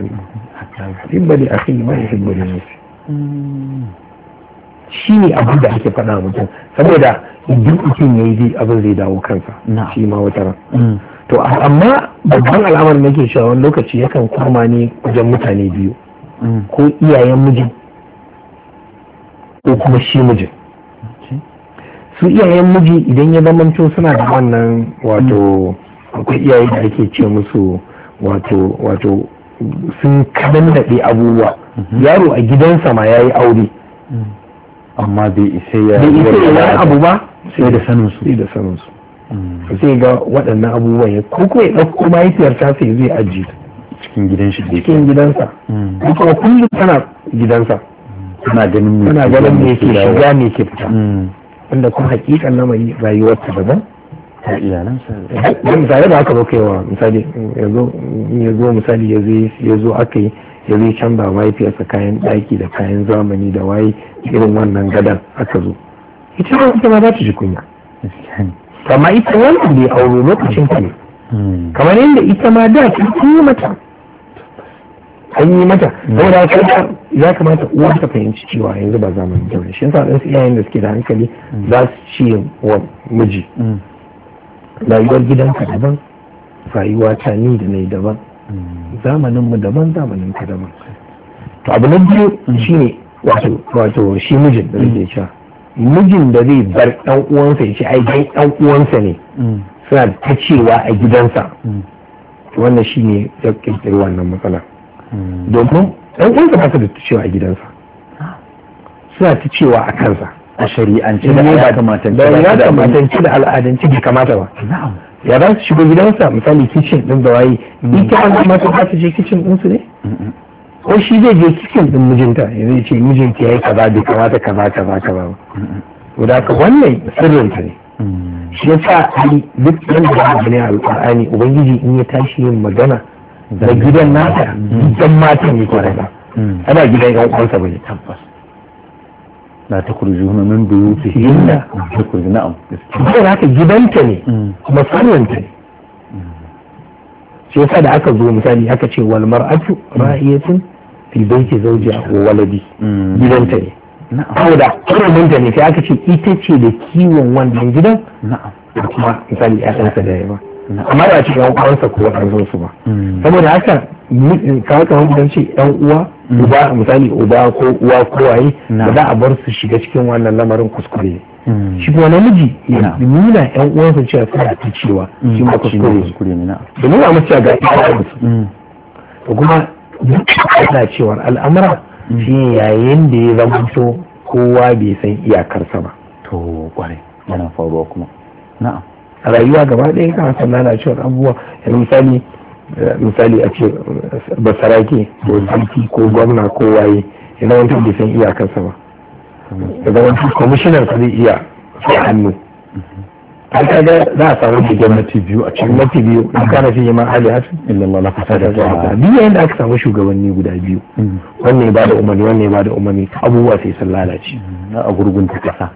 hibba li akhihi ma yuhibbu li nafsihi mm. shi ne abin da ake faɗa mutum saboda duk mutum ya yi abin zai dawo kansa shi ma wata ran mm. to amma babban al'amarin da ke cewa lokaci yakan kuma ne wajen mutane biyu mm. ko iyayen mijin ko kuma shi mijin su iyayen miji idan ya zamanto suna da wannan wato mm. akwai iyaye da ake ce musu wato wato sun kadan daɗe abubuwa mm-hmm. yaro a gidansa ma ya yi aure mm. amma bai isa ya abu ba sai da sanin sai da sanin su sai ga waɗannan abubuwan ya ko kuma ya ɗauko mahaifiyar ta sai zai aji cikin gidan shi cikin gidansa wa hmm. kullum tana gidansa tana ganin me ganin me ke shiga me ke fita hmm. wanda kuma hakikan na mai rayuwar ta daban ta iyalansa misali da aka baka yawa misali ya zo misali ya zo aka yi ya zai canza mahaifiyarsa kayan ɗaki da kayan zamani da waye irin wannan gadan aka zo ita ma ita ma za ta ji kunya kama ita wanda bai auro lokacin ta ne kamar yadda ita ma da ta yi mata an yi mata saboda haka ya kamata uwa ta fahimci cewa yanzu ba zamanin da shi yasa su iyayen da suke da hankali za su ce wa miji rayuwar gidanka daban rayuwa ta ni da nai daban zamanin mu daban zamanin ka daban to abu na biyu shine wato wato shi mijin da yake cewa mijin da zai bar ɗan uwansa ya ce ai ɗan uwansa ne mm. suna ta cewa a gidansa mm. wannan shi ne ya kirkiri wannan matsala mm. domin ɗan uwansa ba su da ta cewa a gidansa suna ta cewa a kansa a shari'ance da ya kamata da ya kamata da al'adance bai kamata ba ya za su shigo gidansa misali kicin din da waye ita an masu ba su je kicin din su ne ko shi zai je cikin din mijinta ya zai ce mijinki yayi kaza bai kamata kaza kaza kaza ba Guda da haka wannan sirrin ta ne shi ya sa ali duk wanda ya gani alqur'ani ubangiji in ya tashi yin magana da gidan nasa dan mata ne kwarai ba ana gidan yan uwansa bane tabbas la takhrujuhun min buyutihinna da na'am sai haka gidanta ne kuma sirrinta ne shi yasa da aka zo misali aka ce wal mar'atu ra'iyatun fi baiti zaujiya wa waladi mm. gidanta ne saboda haraminta ne sai aka ce ita ce da kiwon wannan gidan da kuma misali ƴaƴansa da yawa amma da cikin uwansa ko wadansu su ba mm. saboda haka kawai wani gidan ce ɗan uwa mm. uba misali uba ko uwa ko waye ba za a bar su shiga cikin wannan lamarin kuskure shi kuma namiji ya nuna ƴan uwansa cewa suna ta cewa shi ma kuskure ne da nuna musu ga ƴaƴansu da kuma cewar al'amura shi yayin da ya zama so kowa bai san iyakarsa ba to kwarai yana faruwa kuma na'am rayuwa gaba ɗaya ka na lalacewar abubuwa yanzu misali misali a ce sarake ko sarki ko gwamna ko waye yana zama bai san iyakarsa ba ya zama kwamishinan zai iya sai hannu an kaga za a samu da gwamnati biyu a cikin gwamnati biyu an kana shi ma hali hafi illallah la fasada ta biyu yayin da aka samu shugabanni guda biyu mm. wanne ba umarni wanne ba umarni abubuwa sai sun lalace a gurgun ta kasa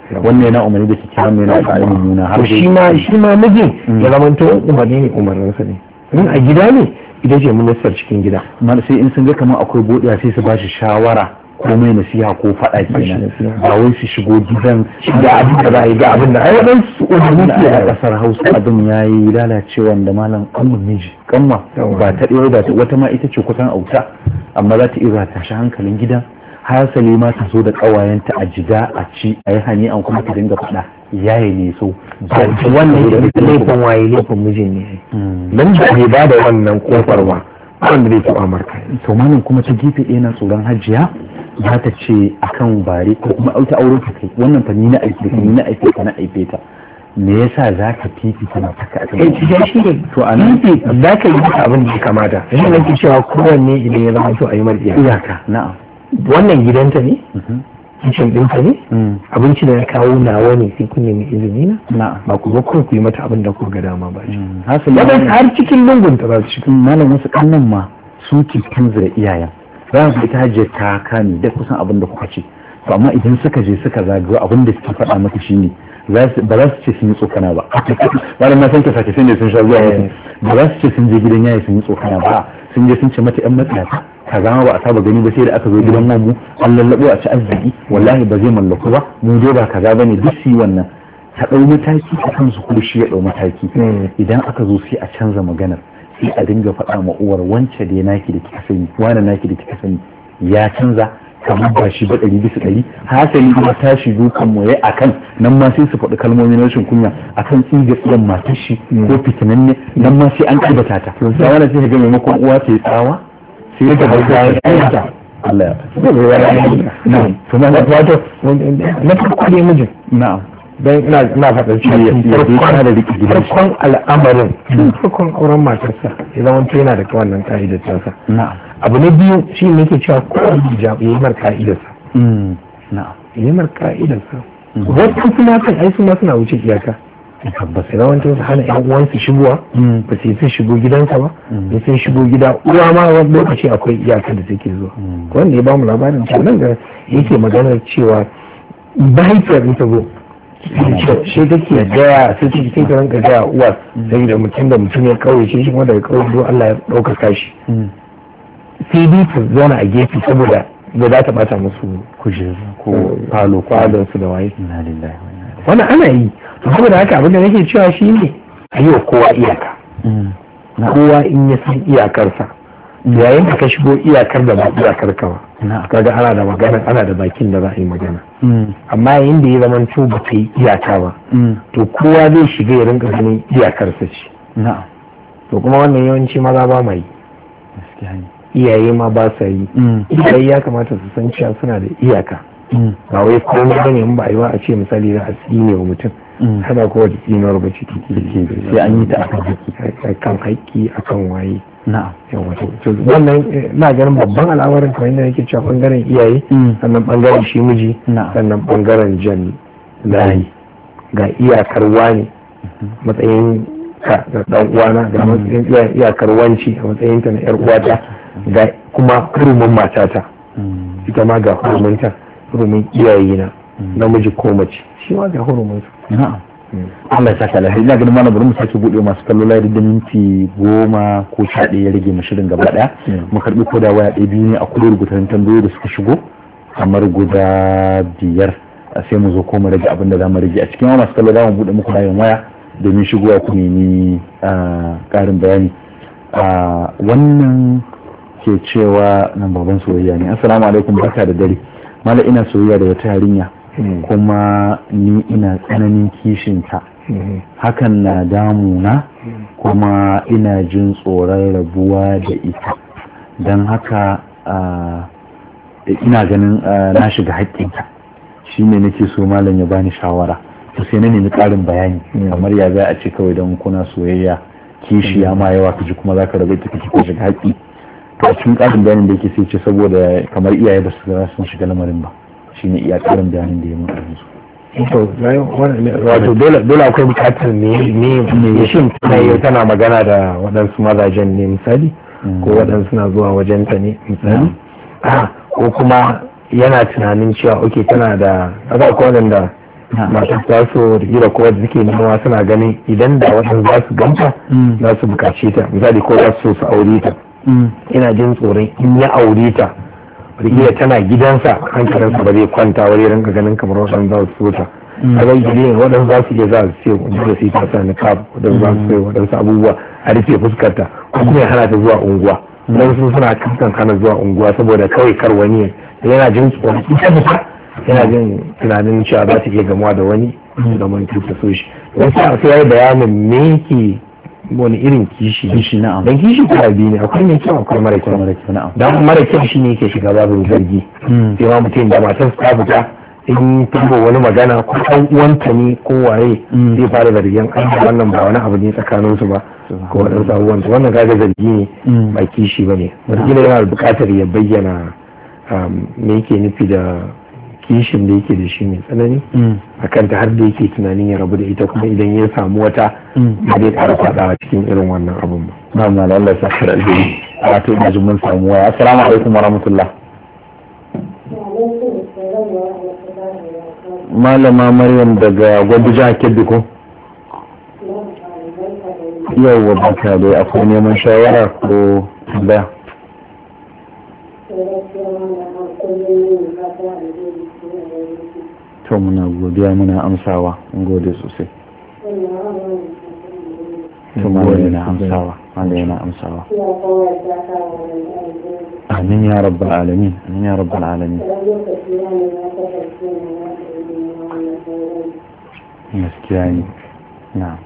na umarni da kyakkyawan ne na tsarin mummuna har shi ma shi ma mijin mm. ya zamanto umarni ne umarninsa ne in a gida ne ita ce ministar cikin gida sai in sun ga kamar akwai buɗe sai su ba shi shawara komai nasiha ko faɗa kenan ba wai su shigo gidan da abin da za a yi ga abin da ai wadan su umarni ke a kasar Hausa abin yayi lalacewa da malam kanmu miji kanma ba ta ɗaya da wata ma ita ce kusan auta amma za ta iya tashi hankalin gidan Har Salima ta zo da ƙawayenta a jiga a ci a yi hani an kuma ta dinga faɗa yaye ne so da wannan laifin waye laifin mijin ne hmm. da ba ba da wannan kofar ba wanda zai taɓa marka to malam kuma ta gefe ɗaya na tsoron hajiya za ta ce akan bare ko kuma auta auren ka kai wannan fa ni na aike ni na aike ka na aife ta me yasa za ka fifi na taka akan eh ya shi ne to a nan za ka yi abin da ya kamata shi ne ke cewa kowanne idan ya zama to a yi marjiya iyaka na'am wannan gidanta ne mhm. kicin ta ne mm. abinci da ya kawo nawa ne sai kun nemi izini na ba ku zo kuma ku yi mata abin da ku ga dama ba mm. shi har cikin lungun ta ba su cikin malam su kannan ma su ke kanzura iyayen za su ita je ta kan da kusan abin da kuka ce to amma idan suka je suka zagawa abin da suke faɗa maka shine ba za su ce sun yi tsokana ba ba na san ka sake sun sun sha zuwa wasu eh. ba za su ce sun je gidan yayi sun yi tsokana ba sun je sun ce mata yan ta ka zama ba a saba gani ba sai da aka zo gidan mu an lallabo a ci arziki wallahi ba zai mallaku ba mu je ba kaza bane duk su yi wannan ta ɗau mataki a su kuma shi ya ɗau mataki eh. idan aka zo sai a canza maganar sai a dinga faɗa ma uwar wance da naki da kika sani wani naki da kika sani ya canza kamar ba shi ba ɗari bisa ɗari hasali kuma tashi dukan mu a kan nan ma sai su faɗi kalmomi na rashin kunya akan kan tsiga tsigan matar shi ko fitinan ne nan ma sai an kalbata ta sai wani sai ga maimakon uwa ta yi tsawa sai ta ta Allah ya don ina ina faɗa shi farkon al'amarin hmm. farkon auren matarsa ya zama to yana da wannan ka'idar tasa abu na biyu shi ne ke cewa kowane ya yi mar ka'idarsa hmm, ya yi mar ka'idar sa hmm. wata kuma kan ai su ma suna wuce iyaka tabbas ya zama to su hana yan uwan su shigowa ba sai sun shigo gidansa ba ba sun shigo gida uwa ma wani lokaci akwai iyakar da suke zuwa wanda ya bamu labarin nan da yake maganar cewa bahaifiyar ita zo shi take gaya sai take take ranka gaya uwa sai da mutum da mutum ya kauye shi shi kuma daga kawo zuwa Allah ya ɗaukaka shi sai dai ta zauna a gefe saboda ba za ta bata musu kujeru ko eh, falo ko adon su da waye wani ana yi saboda haka abin da nake cewa shi ne a yi wa kowa iyaka mm, kowa in ya san iyakarsa yayin da ka shigo iyakar da ba iyakar ka ba kaga ana da magana ana da bakin da za a yi magana amma yayin da ya zama to ba ta yi iyaka ba mm. to kowa zai shiga ya rinka ganin iyakarsa ce to kuma wannan yawanci maza ba mai iyaye ma ba sa yi mm. idan ya kamata su san cewa suna da iyaka mm. ba wai komai bane in ba a yi ba a ce misali za a tsine wa mutum Mm. hada kowa jiki na rubuta ciki sai an yi ta akan haƙƙi kan haƙƙi kan waye wannan eh, na ganin babban al'amarin kamar yadda yake cewa bangaren iyaye mm. sannan bangaren shi miji sannan bangaren jan layi ga iyakar wani mm-hmm. matsayin ka da dan uwana ga mm. matsayin iyakar wanci a matsayin ta na yar uwata ga kuma hurumin matata ita ma ga hurumin ta hurumin iyayena namiji ko mace shi ma ga hurumin su Allah ya saka alheri ina ganin mana bari mu sake bude masu kallo layi da minti goma ko sha ɗaya ya rage mu shirin gaba ɗaya hmm. mu karɓi ko da waya ɗaya biyu ne a akwai rubutattun tambayoyi da suka shigo kamar guda biyar sai mu zo ko mu rage abin da za mu rage a cikin masu kallo za mu bude muku bayan waya domin shigo ku nemi ƙarin bayani wannan ke cewa nan baban soyayya ne assalamu alaikum barka da dare mala ina soyayya da wata yarinya Hmm. kuma ni ina tsananin kishinta hmm. hakan na damuna hmm. kuma ina jin tsoron rabuwa da ita don haka ina ganin na shiga haƙƙinta shi ne nake so malam ya bani shawara to sai na nemi ƙarin bayani kamar ya za a ce kawai don kuna soyayya kishi ya ma yawa kaji kuma za ka rabu ita kake shiga haƙƙi to a cikin ƙarin bayanin da yake sai ce saboda kamar iyaye ba su sun shiga lamarin ba shine iyakarin bayanin da ya mutu azu wato dole akwai bukatar ne shin tana magana da waɗansu mazajen ne misali mm. ko waɗansu na zuwa wajenta ne misali mm. ko kuma yana tunanin cewa oke tana da kaga da masu za su da kowa da suke nema suna ganin idan da waɗansu za su ganta mm. za su bukace ta misali ko za su su aure ta ina jin tsoron in ya aure ta rigiya tana gidansa hankalinsa ba zai kwanta wani ranka ganin kamar wasan za su wuta a zai gidi ne za su je za su ce wani da su ta tasa na kaf waɗansu za su waɗansu abubuwa a rufe fuskarta ko kuma ya hana ta zuwa unguwa don su suna kankan hana zuwa unguwa saboda kawai kar wani yana jin tsoron ita yana jin tunanin cewa za iya gamuwa da wani da mun tuta so shi don bayanin me yake wani irin kishi kishi na'am dan kishi ta biyu ne akwai mai kyau akwai mara kyau mara kyau na'am dan mara kyau ne yake shiga babu zargi hmm. sai ma mutum da matar ta fita in tambo wani magana ko an uwanta ne ko waye hmm. zai fara zargin an wannan ba wani abu ne tsakanin su ba ko waɗansu sabuwan su wannan kaga zargi ne hmm. ba kishi ba ne wata yana buƙatar ya bayyana um, me yake nufi da kishin da yake da shi mai tsanani mm. a kanta har da yake tunanin ya rabu da ita kuma idan ya samu wata mm. ba zai ƙara faɗa a cikin irin wannan abun ba. Na ma Allah ya sa da alheri a wato ina jin mun samu waya. Assalamu alaikum wa rahmatullah. Malama Maryam daga Gwabuja Kebbi ko? Yawwa ba ka dai akwai neman shawara ko tambaya. to muna godiya muna amsawa mun gode sosai to malam yana amsawa malam yana amsawa amin ya rabbal alamin amin ya rabbal alamin gaskiya ne na'am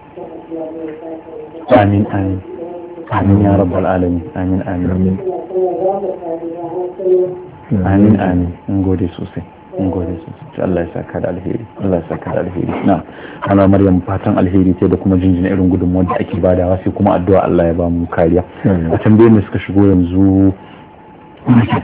amin amin آمين يا رب العالمين آمين آمين آمين آمين نقول سوسي mun gode sosai Allah ya saka da alheri Allah ya saka da alheri na ana maryam fatan alheri ce da kuma jinjina irin gudunma da ake badawa sai kuma addu'a Allah ya ba mu kariya a tambayar da suka shigo yanzu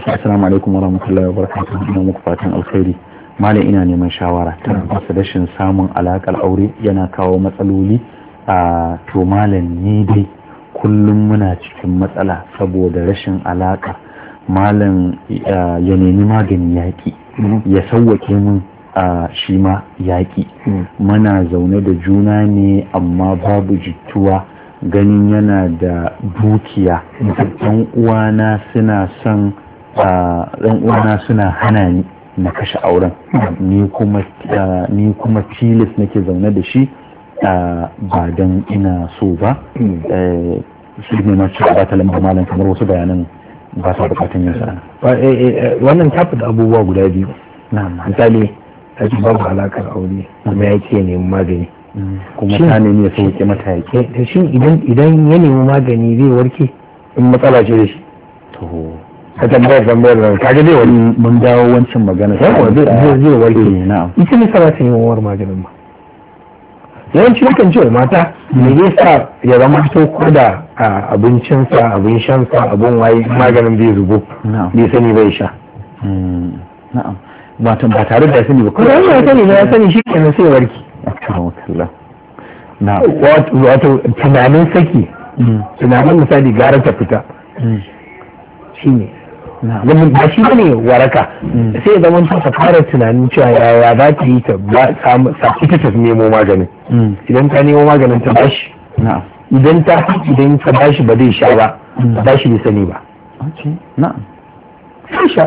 assalamu alaikum wa rahmatullahi wa barakatuh ina muku fatan alheri malam ina neman shawara ta wasu rashin samun alakar aure yana kawo matsaloli a to malam ni dai kullum muna cikin matsala saboda rashin alaka malam ya nemi magani yaƙi Mm-hmm. ya sauwake mun a shi ma yaƙi mana mm. zaune da juna ne amma babu jituwa ganin yana da dukiya ɗan mm-hmm. uwana suna hana ni na kashe auren mm-hmm. ni kuma tilis nake zaune da shi ba don ina so ba mm. eh, su ne ma ci ba ta lambar malam kamar wasu bayanan ba sa bukatan yin sana eh, eh, eh, wannan ta fita abubuwa guda biyu misali ta ce babu alakar aure kuma ya ce neman magani mm. kuma ta nemi ya sauke mata ya ke shi idan ya nemi magani zai warke in matsala ce da shi ka tambayar tambayar da kaga zai wani mun dawo wancan magana zai warke ita ne sara ta yi wawar maganin ba yawanci na kan cewa mata me sa ya zama to ko a abincinsa abin shansa abin waye maganin bai zubo bai sani bai sha Matan hmm, ba tare da sani ba kuma ya sani ya sani shi kenan sai warki wato tunanin saki hmm. tunanin misali gara ta fita hmm. ne domin ba shi ne waraka hmm. sai ya zama ta fara tunanin cewa yaya za ta yi ta ita ta nemo maganin hmm. idan ta nemo maganin ta bashi idan ta idan ta bashi ba zai sha ba hmm. ba shi bai sani ba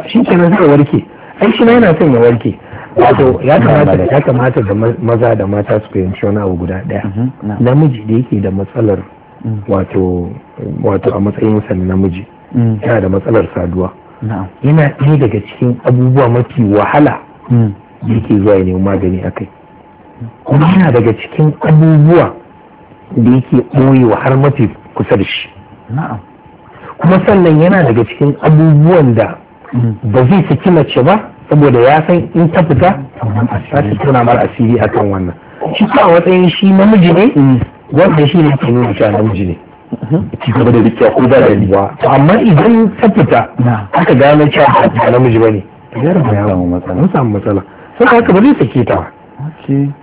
shi ke nan zai warke ai shi yana son ya warke wato ya kamata ya kamata da maza da mata su fahimci wani abu guda daya mhm, namiji da yake da matsalar wato a matsayin sa namiji Mm. yana da matsalar saduwa yana ɗaya daga cikin abubuwa mafi wahala mm. da yake zuwa ya nemi magani a kai kuma yana daga cikin abubuwa da yake ɓoyewa har mafi kusa da shi kuma sannan yana daga cikin abubuwan da mm. ba zai saki mace ba saboda ya san in ta fita za ta tuna mara asiri akan wannan shi a matsayin shi namiji ne wanda shi ne ke nuna cewa namiji ne ci gaba da rikiya ko ba da riwa amma idan ta fita aka gano cewa ba namiji ba ne ya raba ya samu matsala samu matsala sai haka ba zai sake ta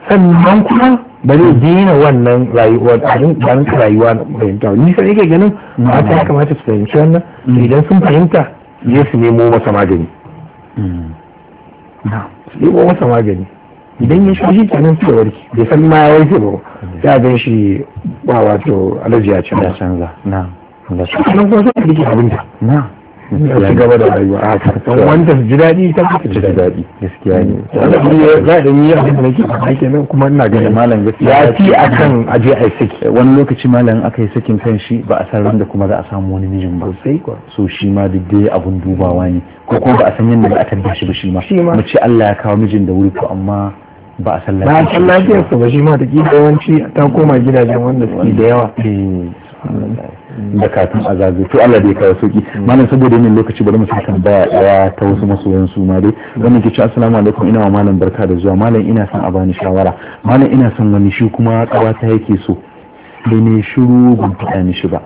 sannan kuma ba zai dina wannan rayuwa ɗarin ka rayuwa na fahimta ni sai kai ganin mm. mata ya kamata su fahimci wannan mm. idan sun fahimta zai su nemo masa magani mm. nemo masa magani idan ya shi kenan sai warki bai san ma ya warke ba ya gan shi ba wato alaji ya canza canza na da shi nan kuma sai dake abin da na ya ci gaba da rayuwa a haka kan wanda su ji daɗi ta su ji daɗi gaskiya ne za a yi abin da nake Ake kenan kuma ina ganin malam gaskiya ya ci akan aje a saki eh, wani lokaci malam aka yi sakin kan shi ba a san randa kuma za a samu wani mijin ba sai so shi ma duk dai abun dubawa ne ko kuma ba a san yadda za a tarbiyya shi ba shi ma mu ce Allah ya kawo mijin da wuri to amma ba a san ba a lafiyar ba shi ma ta da yawanci ta koma gidajen wanda suke da yawa eh, da katun a zagaye to Allah da ya kawo sauki malam saboda yin lokaci bari mu sa tambaya daya ta wasu masoyan su ma dai wannan ke ci assalamu alaikum ina wa malam barka da zuwa malam ina son a bani shawara malam ina son wani shi kuma kawa ta yake so da ne shiru ban faɗa mishi ah,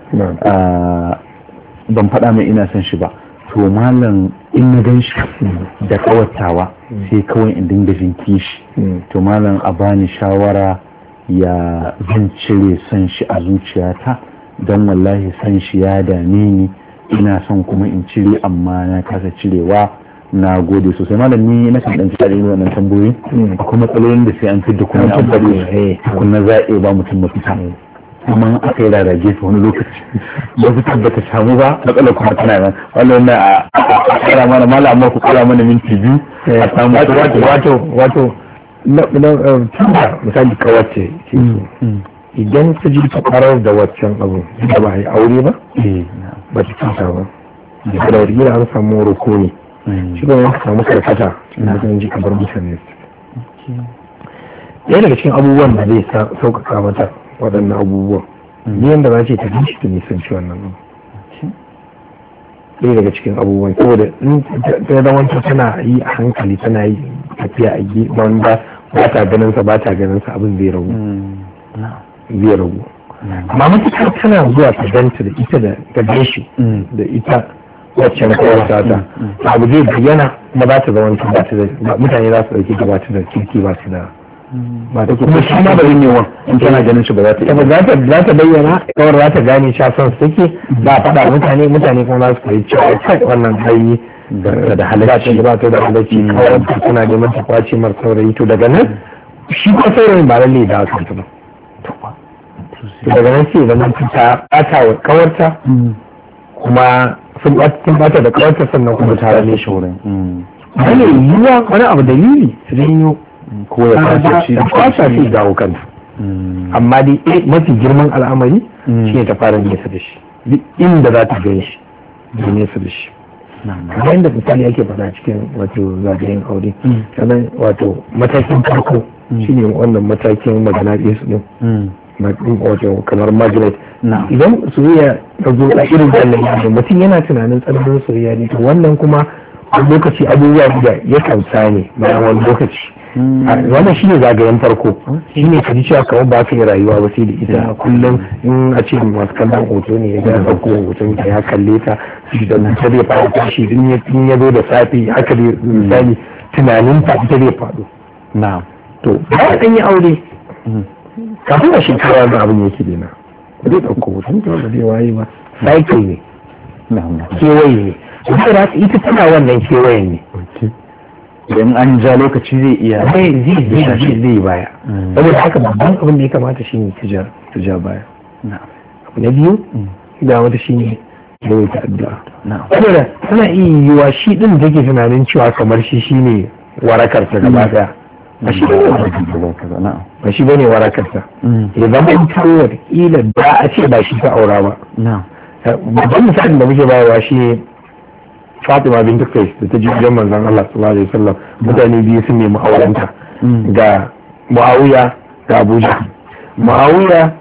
mai ina son shi ba to malam in na gan shi da kawatawa sai kawai in dinga jin kishi hmm. to malam a bani shawara ya zan cire son shi a zuciyata don wallahi san shi ya dame ni ina son kuma in cire amma na kasa cirewa na gode sosai malam ni na kan ɗanci tare wannan tambayoyi hmm. akwai matsalolin da sai an fi da kuma an kuma kunna eh. za a ba mutum mafita hmm. amma aka yi rarrage su wani lokaci ba su tabbata samu ba matsalar kuma tana nan wani na a kara mana mala amma ku kara mana minti biyu a samu wato wato na tunda misali ka wacce idan ka ji ta karar da waccan abu da ba yi aure ba ba ta cuta ba da wargila an samu roko ne shi ba ka samu karkata na zan ji kamar mutane ɗaya daga cikin abubuwan da zai sauƙaƙa mata waɗannan abubuwan biyan da za ce ta shi ta nisanci wannan abu ɗaya daga cikin abubuwan ko da ta zamanta tana yi a hankali tana yi tafiya a gi wanda ba ta ganin sa ba ta ganin sa abin zai ragu zai ragu amma matuƙar tana zuwa ta danta da ita da gaje shi da ita wacce na kawar ta mm, mm, mm. abu zai bayyana kuma za ta zamanta ba ta da mutane za su ɗauki ta ba ta da kirki ba su da ba da kuma shi ma bari newan in tana eh. ganin shi ba za ta yi ba za ta bayyana kawar za ta gane sha son su take ba faɗa mutane mutane kuma za su koyi cewa kai wannan hayi da halacci ba ta da halacci hmm. kawai suna neman ta kwace mar saurayi to daga nan shi ko saurayin ba lalle da haka ba to daga nan sai zama ta ɓata wa kawarta hmm. kuma sun ɓata da kawarta sannan kuma ta rame shi wurin. Hmm. Wani abu dalili sun yi. ko ya kwasa shi kwasa shi dawo kanta hmm. amma dai eh, mafi girman al'amari hmm. shi ne ta fara nesa da shi duk inda za ta gan shi da hmm. nesa da shi kamar yadda misali ake faɗa cikin wato zagayen aure sannan wato matakin farko shine wannan matakin magana ɗaya su ɗin wato kamar magnet idan soyayya ta zo a irin wannan yanayi mutum yana tunanin tsananin soyayya ne to wannan kuma a lokaci abubuwa da ya kamsa ne bayan wani lokaci wannan shine zagayen farko shine ka ji cewa kamar ba su yi rayuwa ba sai da ita kullum in a ce masu kallon hoto ne ya ga farko hoton ta ya kalle ta shi da ta bai fara tashi tun ya zo da safe haka da misali tunanin ta ita bai faɗo na to ba ɗan yi aure mm. kafin a shekara da abin yake dina zai ɗauko hoton ta wanda zai waye ba cycle ne kewaye ne ita tana wannan kewayen ne idan an ja lokaci zai iya zai baya saboda haka babban abin da ya kamata shi ne ta ja baya abu na biyu mm. da wata shi ne shine yawaita addu'a saboda tana iya wa shi din da ke tunanin cewa kamar shi ne warakar ta gaba daya mm. ba shi ne warakar ta ya zama in ta wata kila ba a ce ba shi ta aura ba babban misalin da muke bayarwa shi ne fatima bin kai da ta jirgin manzan Allah su alaihi sallam mutane biyu sun nemi aurenta ga muawiya ga abuja muawiya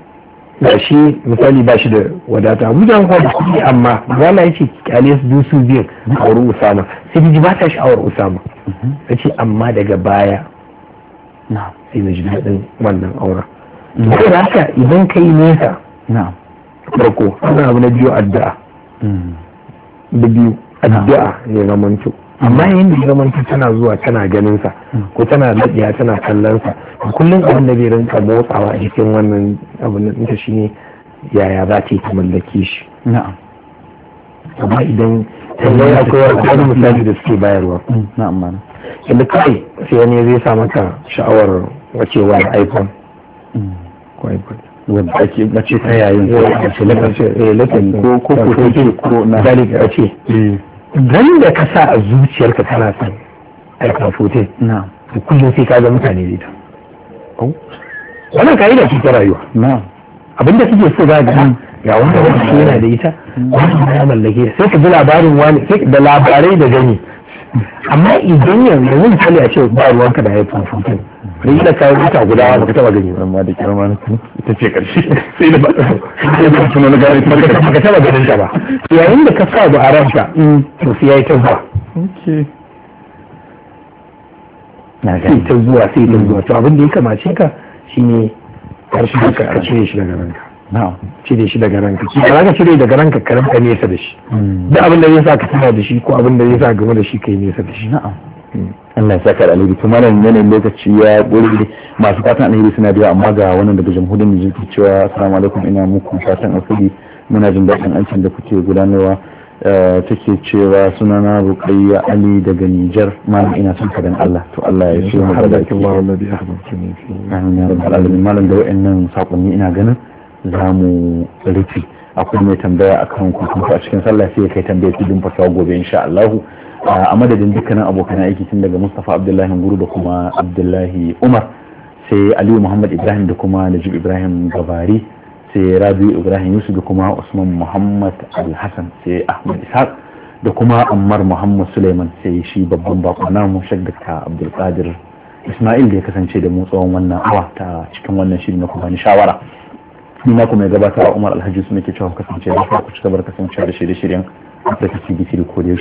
ga shi misali ba shi da wadata abuja kuma da su amma wala yace kyale su dusu biyan auri usama sai ji ba ta sha'awar usama ce amma daga baya sai na ji daɗin wannan Ko da haka idan ka yi nesa farko ana abu na biyu addu'a da mm. biyu addu'a ya zamanto amma yayin da ya zamanto tana zuwa tana ganin sa ko tana daɗiya tana kallonsa. sa kullum abin da bai rinka motsawa a cikin wannan abin da ta ne yaya za ta yi ta mallake shi amma idan lallai akwai wani misali da suke bayarwa inda kai sai wani zai sa maka sha'awar wacewa da iphone ko iphone wadda ake mace ta yayin ko a ce ko ko ko ko ko ko ko ko ko dan da ka sa a zuciyarka kana son aika fote na kullum sai ka ga mutane zai ta. wannan ka'ida ce ta rayuwa abinda kike so za ga ga wanda wani shi yana da ita wani ya mallake sai ka ji labarin wani sai da labarai da gani amma idan yanzu misali a ce ba ruwanka da ya haifin fote da yi da kayan mita guda ba ka taba gani amma da kirma na ku ita ce karshe sai da ba sai da kuma na gani ba ka taba ganin ta ba yayin da ka sa ba a ranka mm, to sai yayi ta zuwa sai ta zuwa sai ta zuwa to abin da ya kamace ka shine karshe ka cire shi daga ranka na'am cire shi daga ranka ki ba ka cire daga ranka ka nesa da shi mm. duk abin da zai sa ka tana da shi ko abin da zai sa game da shi kai nesa da shi na'am Allah ya saka alheri kuma nan yanayin lokaci ya gurbe masu fatan alheri suna biya amma ga wannan daga jamhuriyar Nijar ke cewa assalamu alaikum ina muku fatan alheri muna jin daɗin aikin da kuke gudanarwa eh, take cewa sunana Ruqayya Ali daga Nijar malam ina son ka dan Allah to Allah ya shi mu da kin Allah wallahi ahmadkini fi amin ya rabbal alamin malam da wayannan sakonni ina ganin za mu rufe akwai mai tambaya akan kuma a cikin sallah sai kai tambaya tudun fasawa gobe insha Allah a madadin dukkanin abokan aiki tun daga Mustapha Abdullahi Guru da kuma Abdullahi Umar sai Aliyu Muhammad Ibrahim da kuma Najib Ibrahim Gabari sai Rabi Ibrahim Yusuf da kuma Usman Muhammad Al-Hassan sai Ahmad Ishaq da kuma Ammar Muhammad Suleiman sai shi babban bako namu Shaggaka Abdul Qadir Ismail da ya kasance da mu tsawon wannan awa ta cikin wannan shiri na kuma ni shawara ni na kuma gabatar Umar Alhaji su nake cewa kasance da ku ci gaba da kasance da shirye-shiryen da kake cikin ko da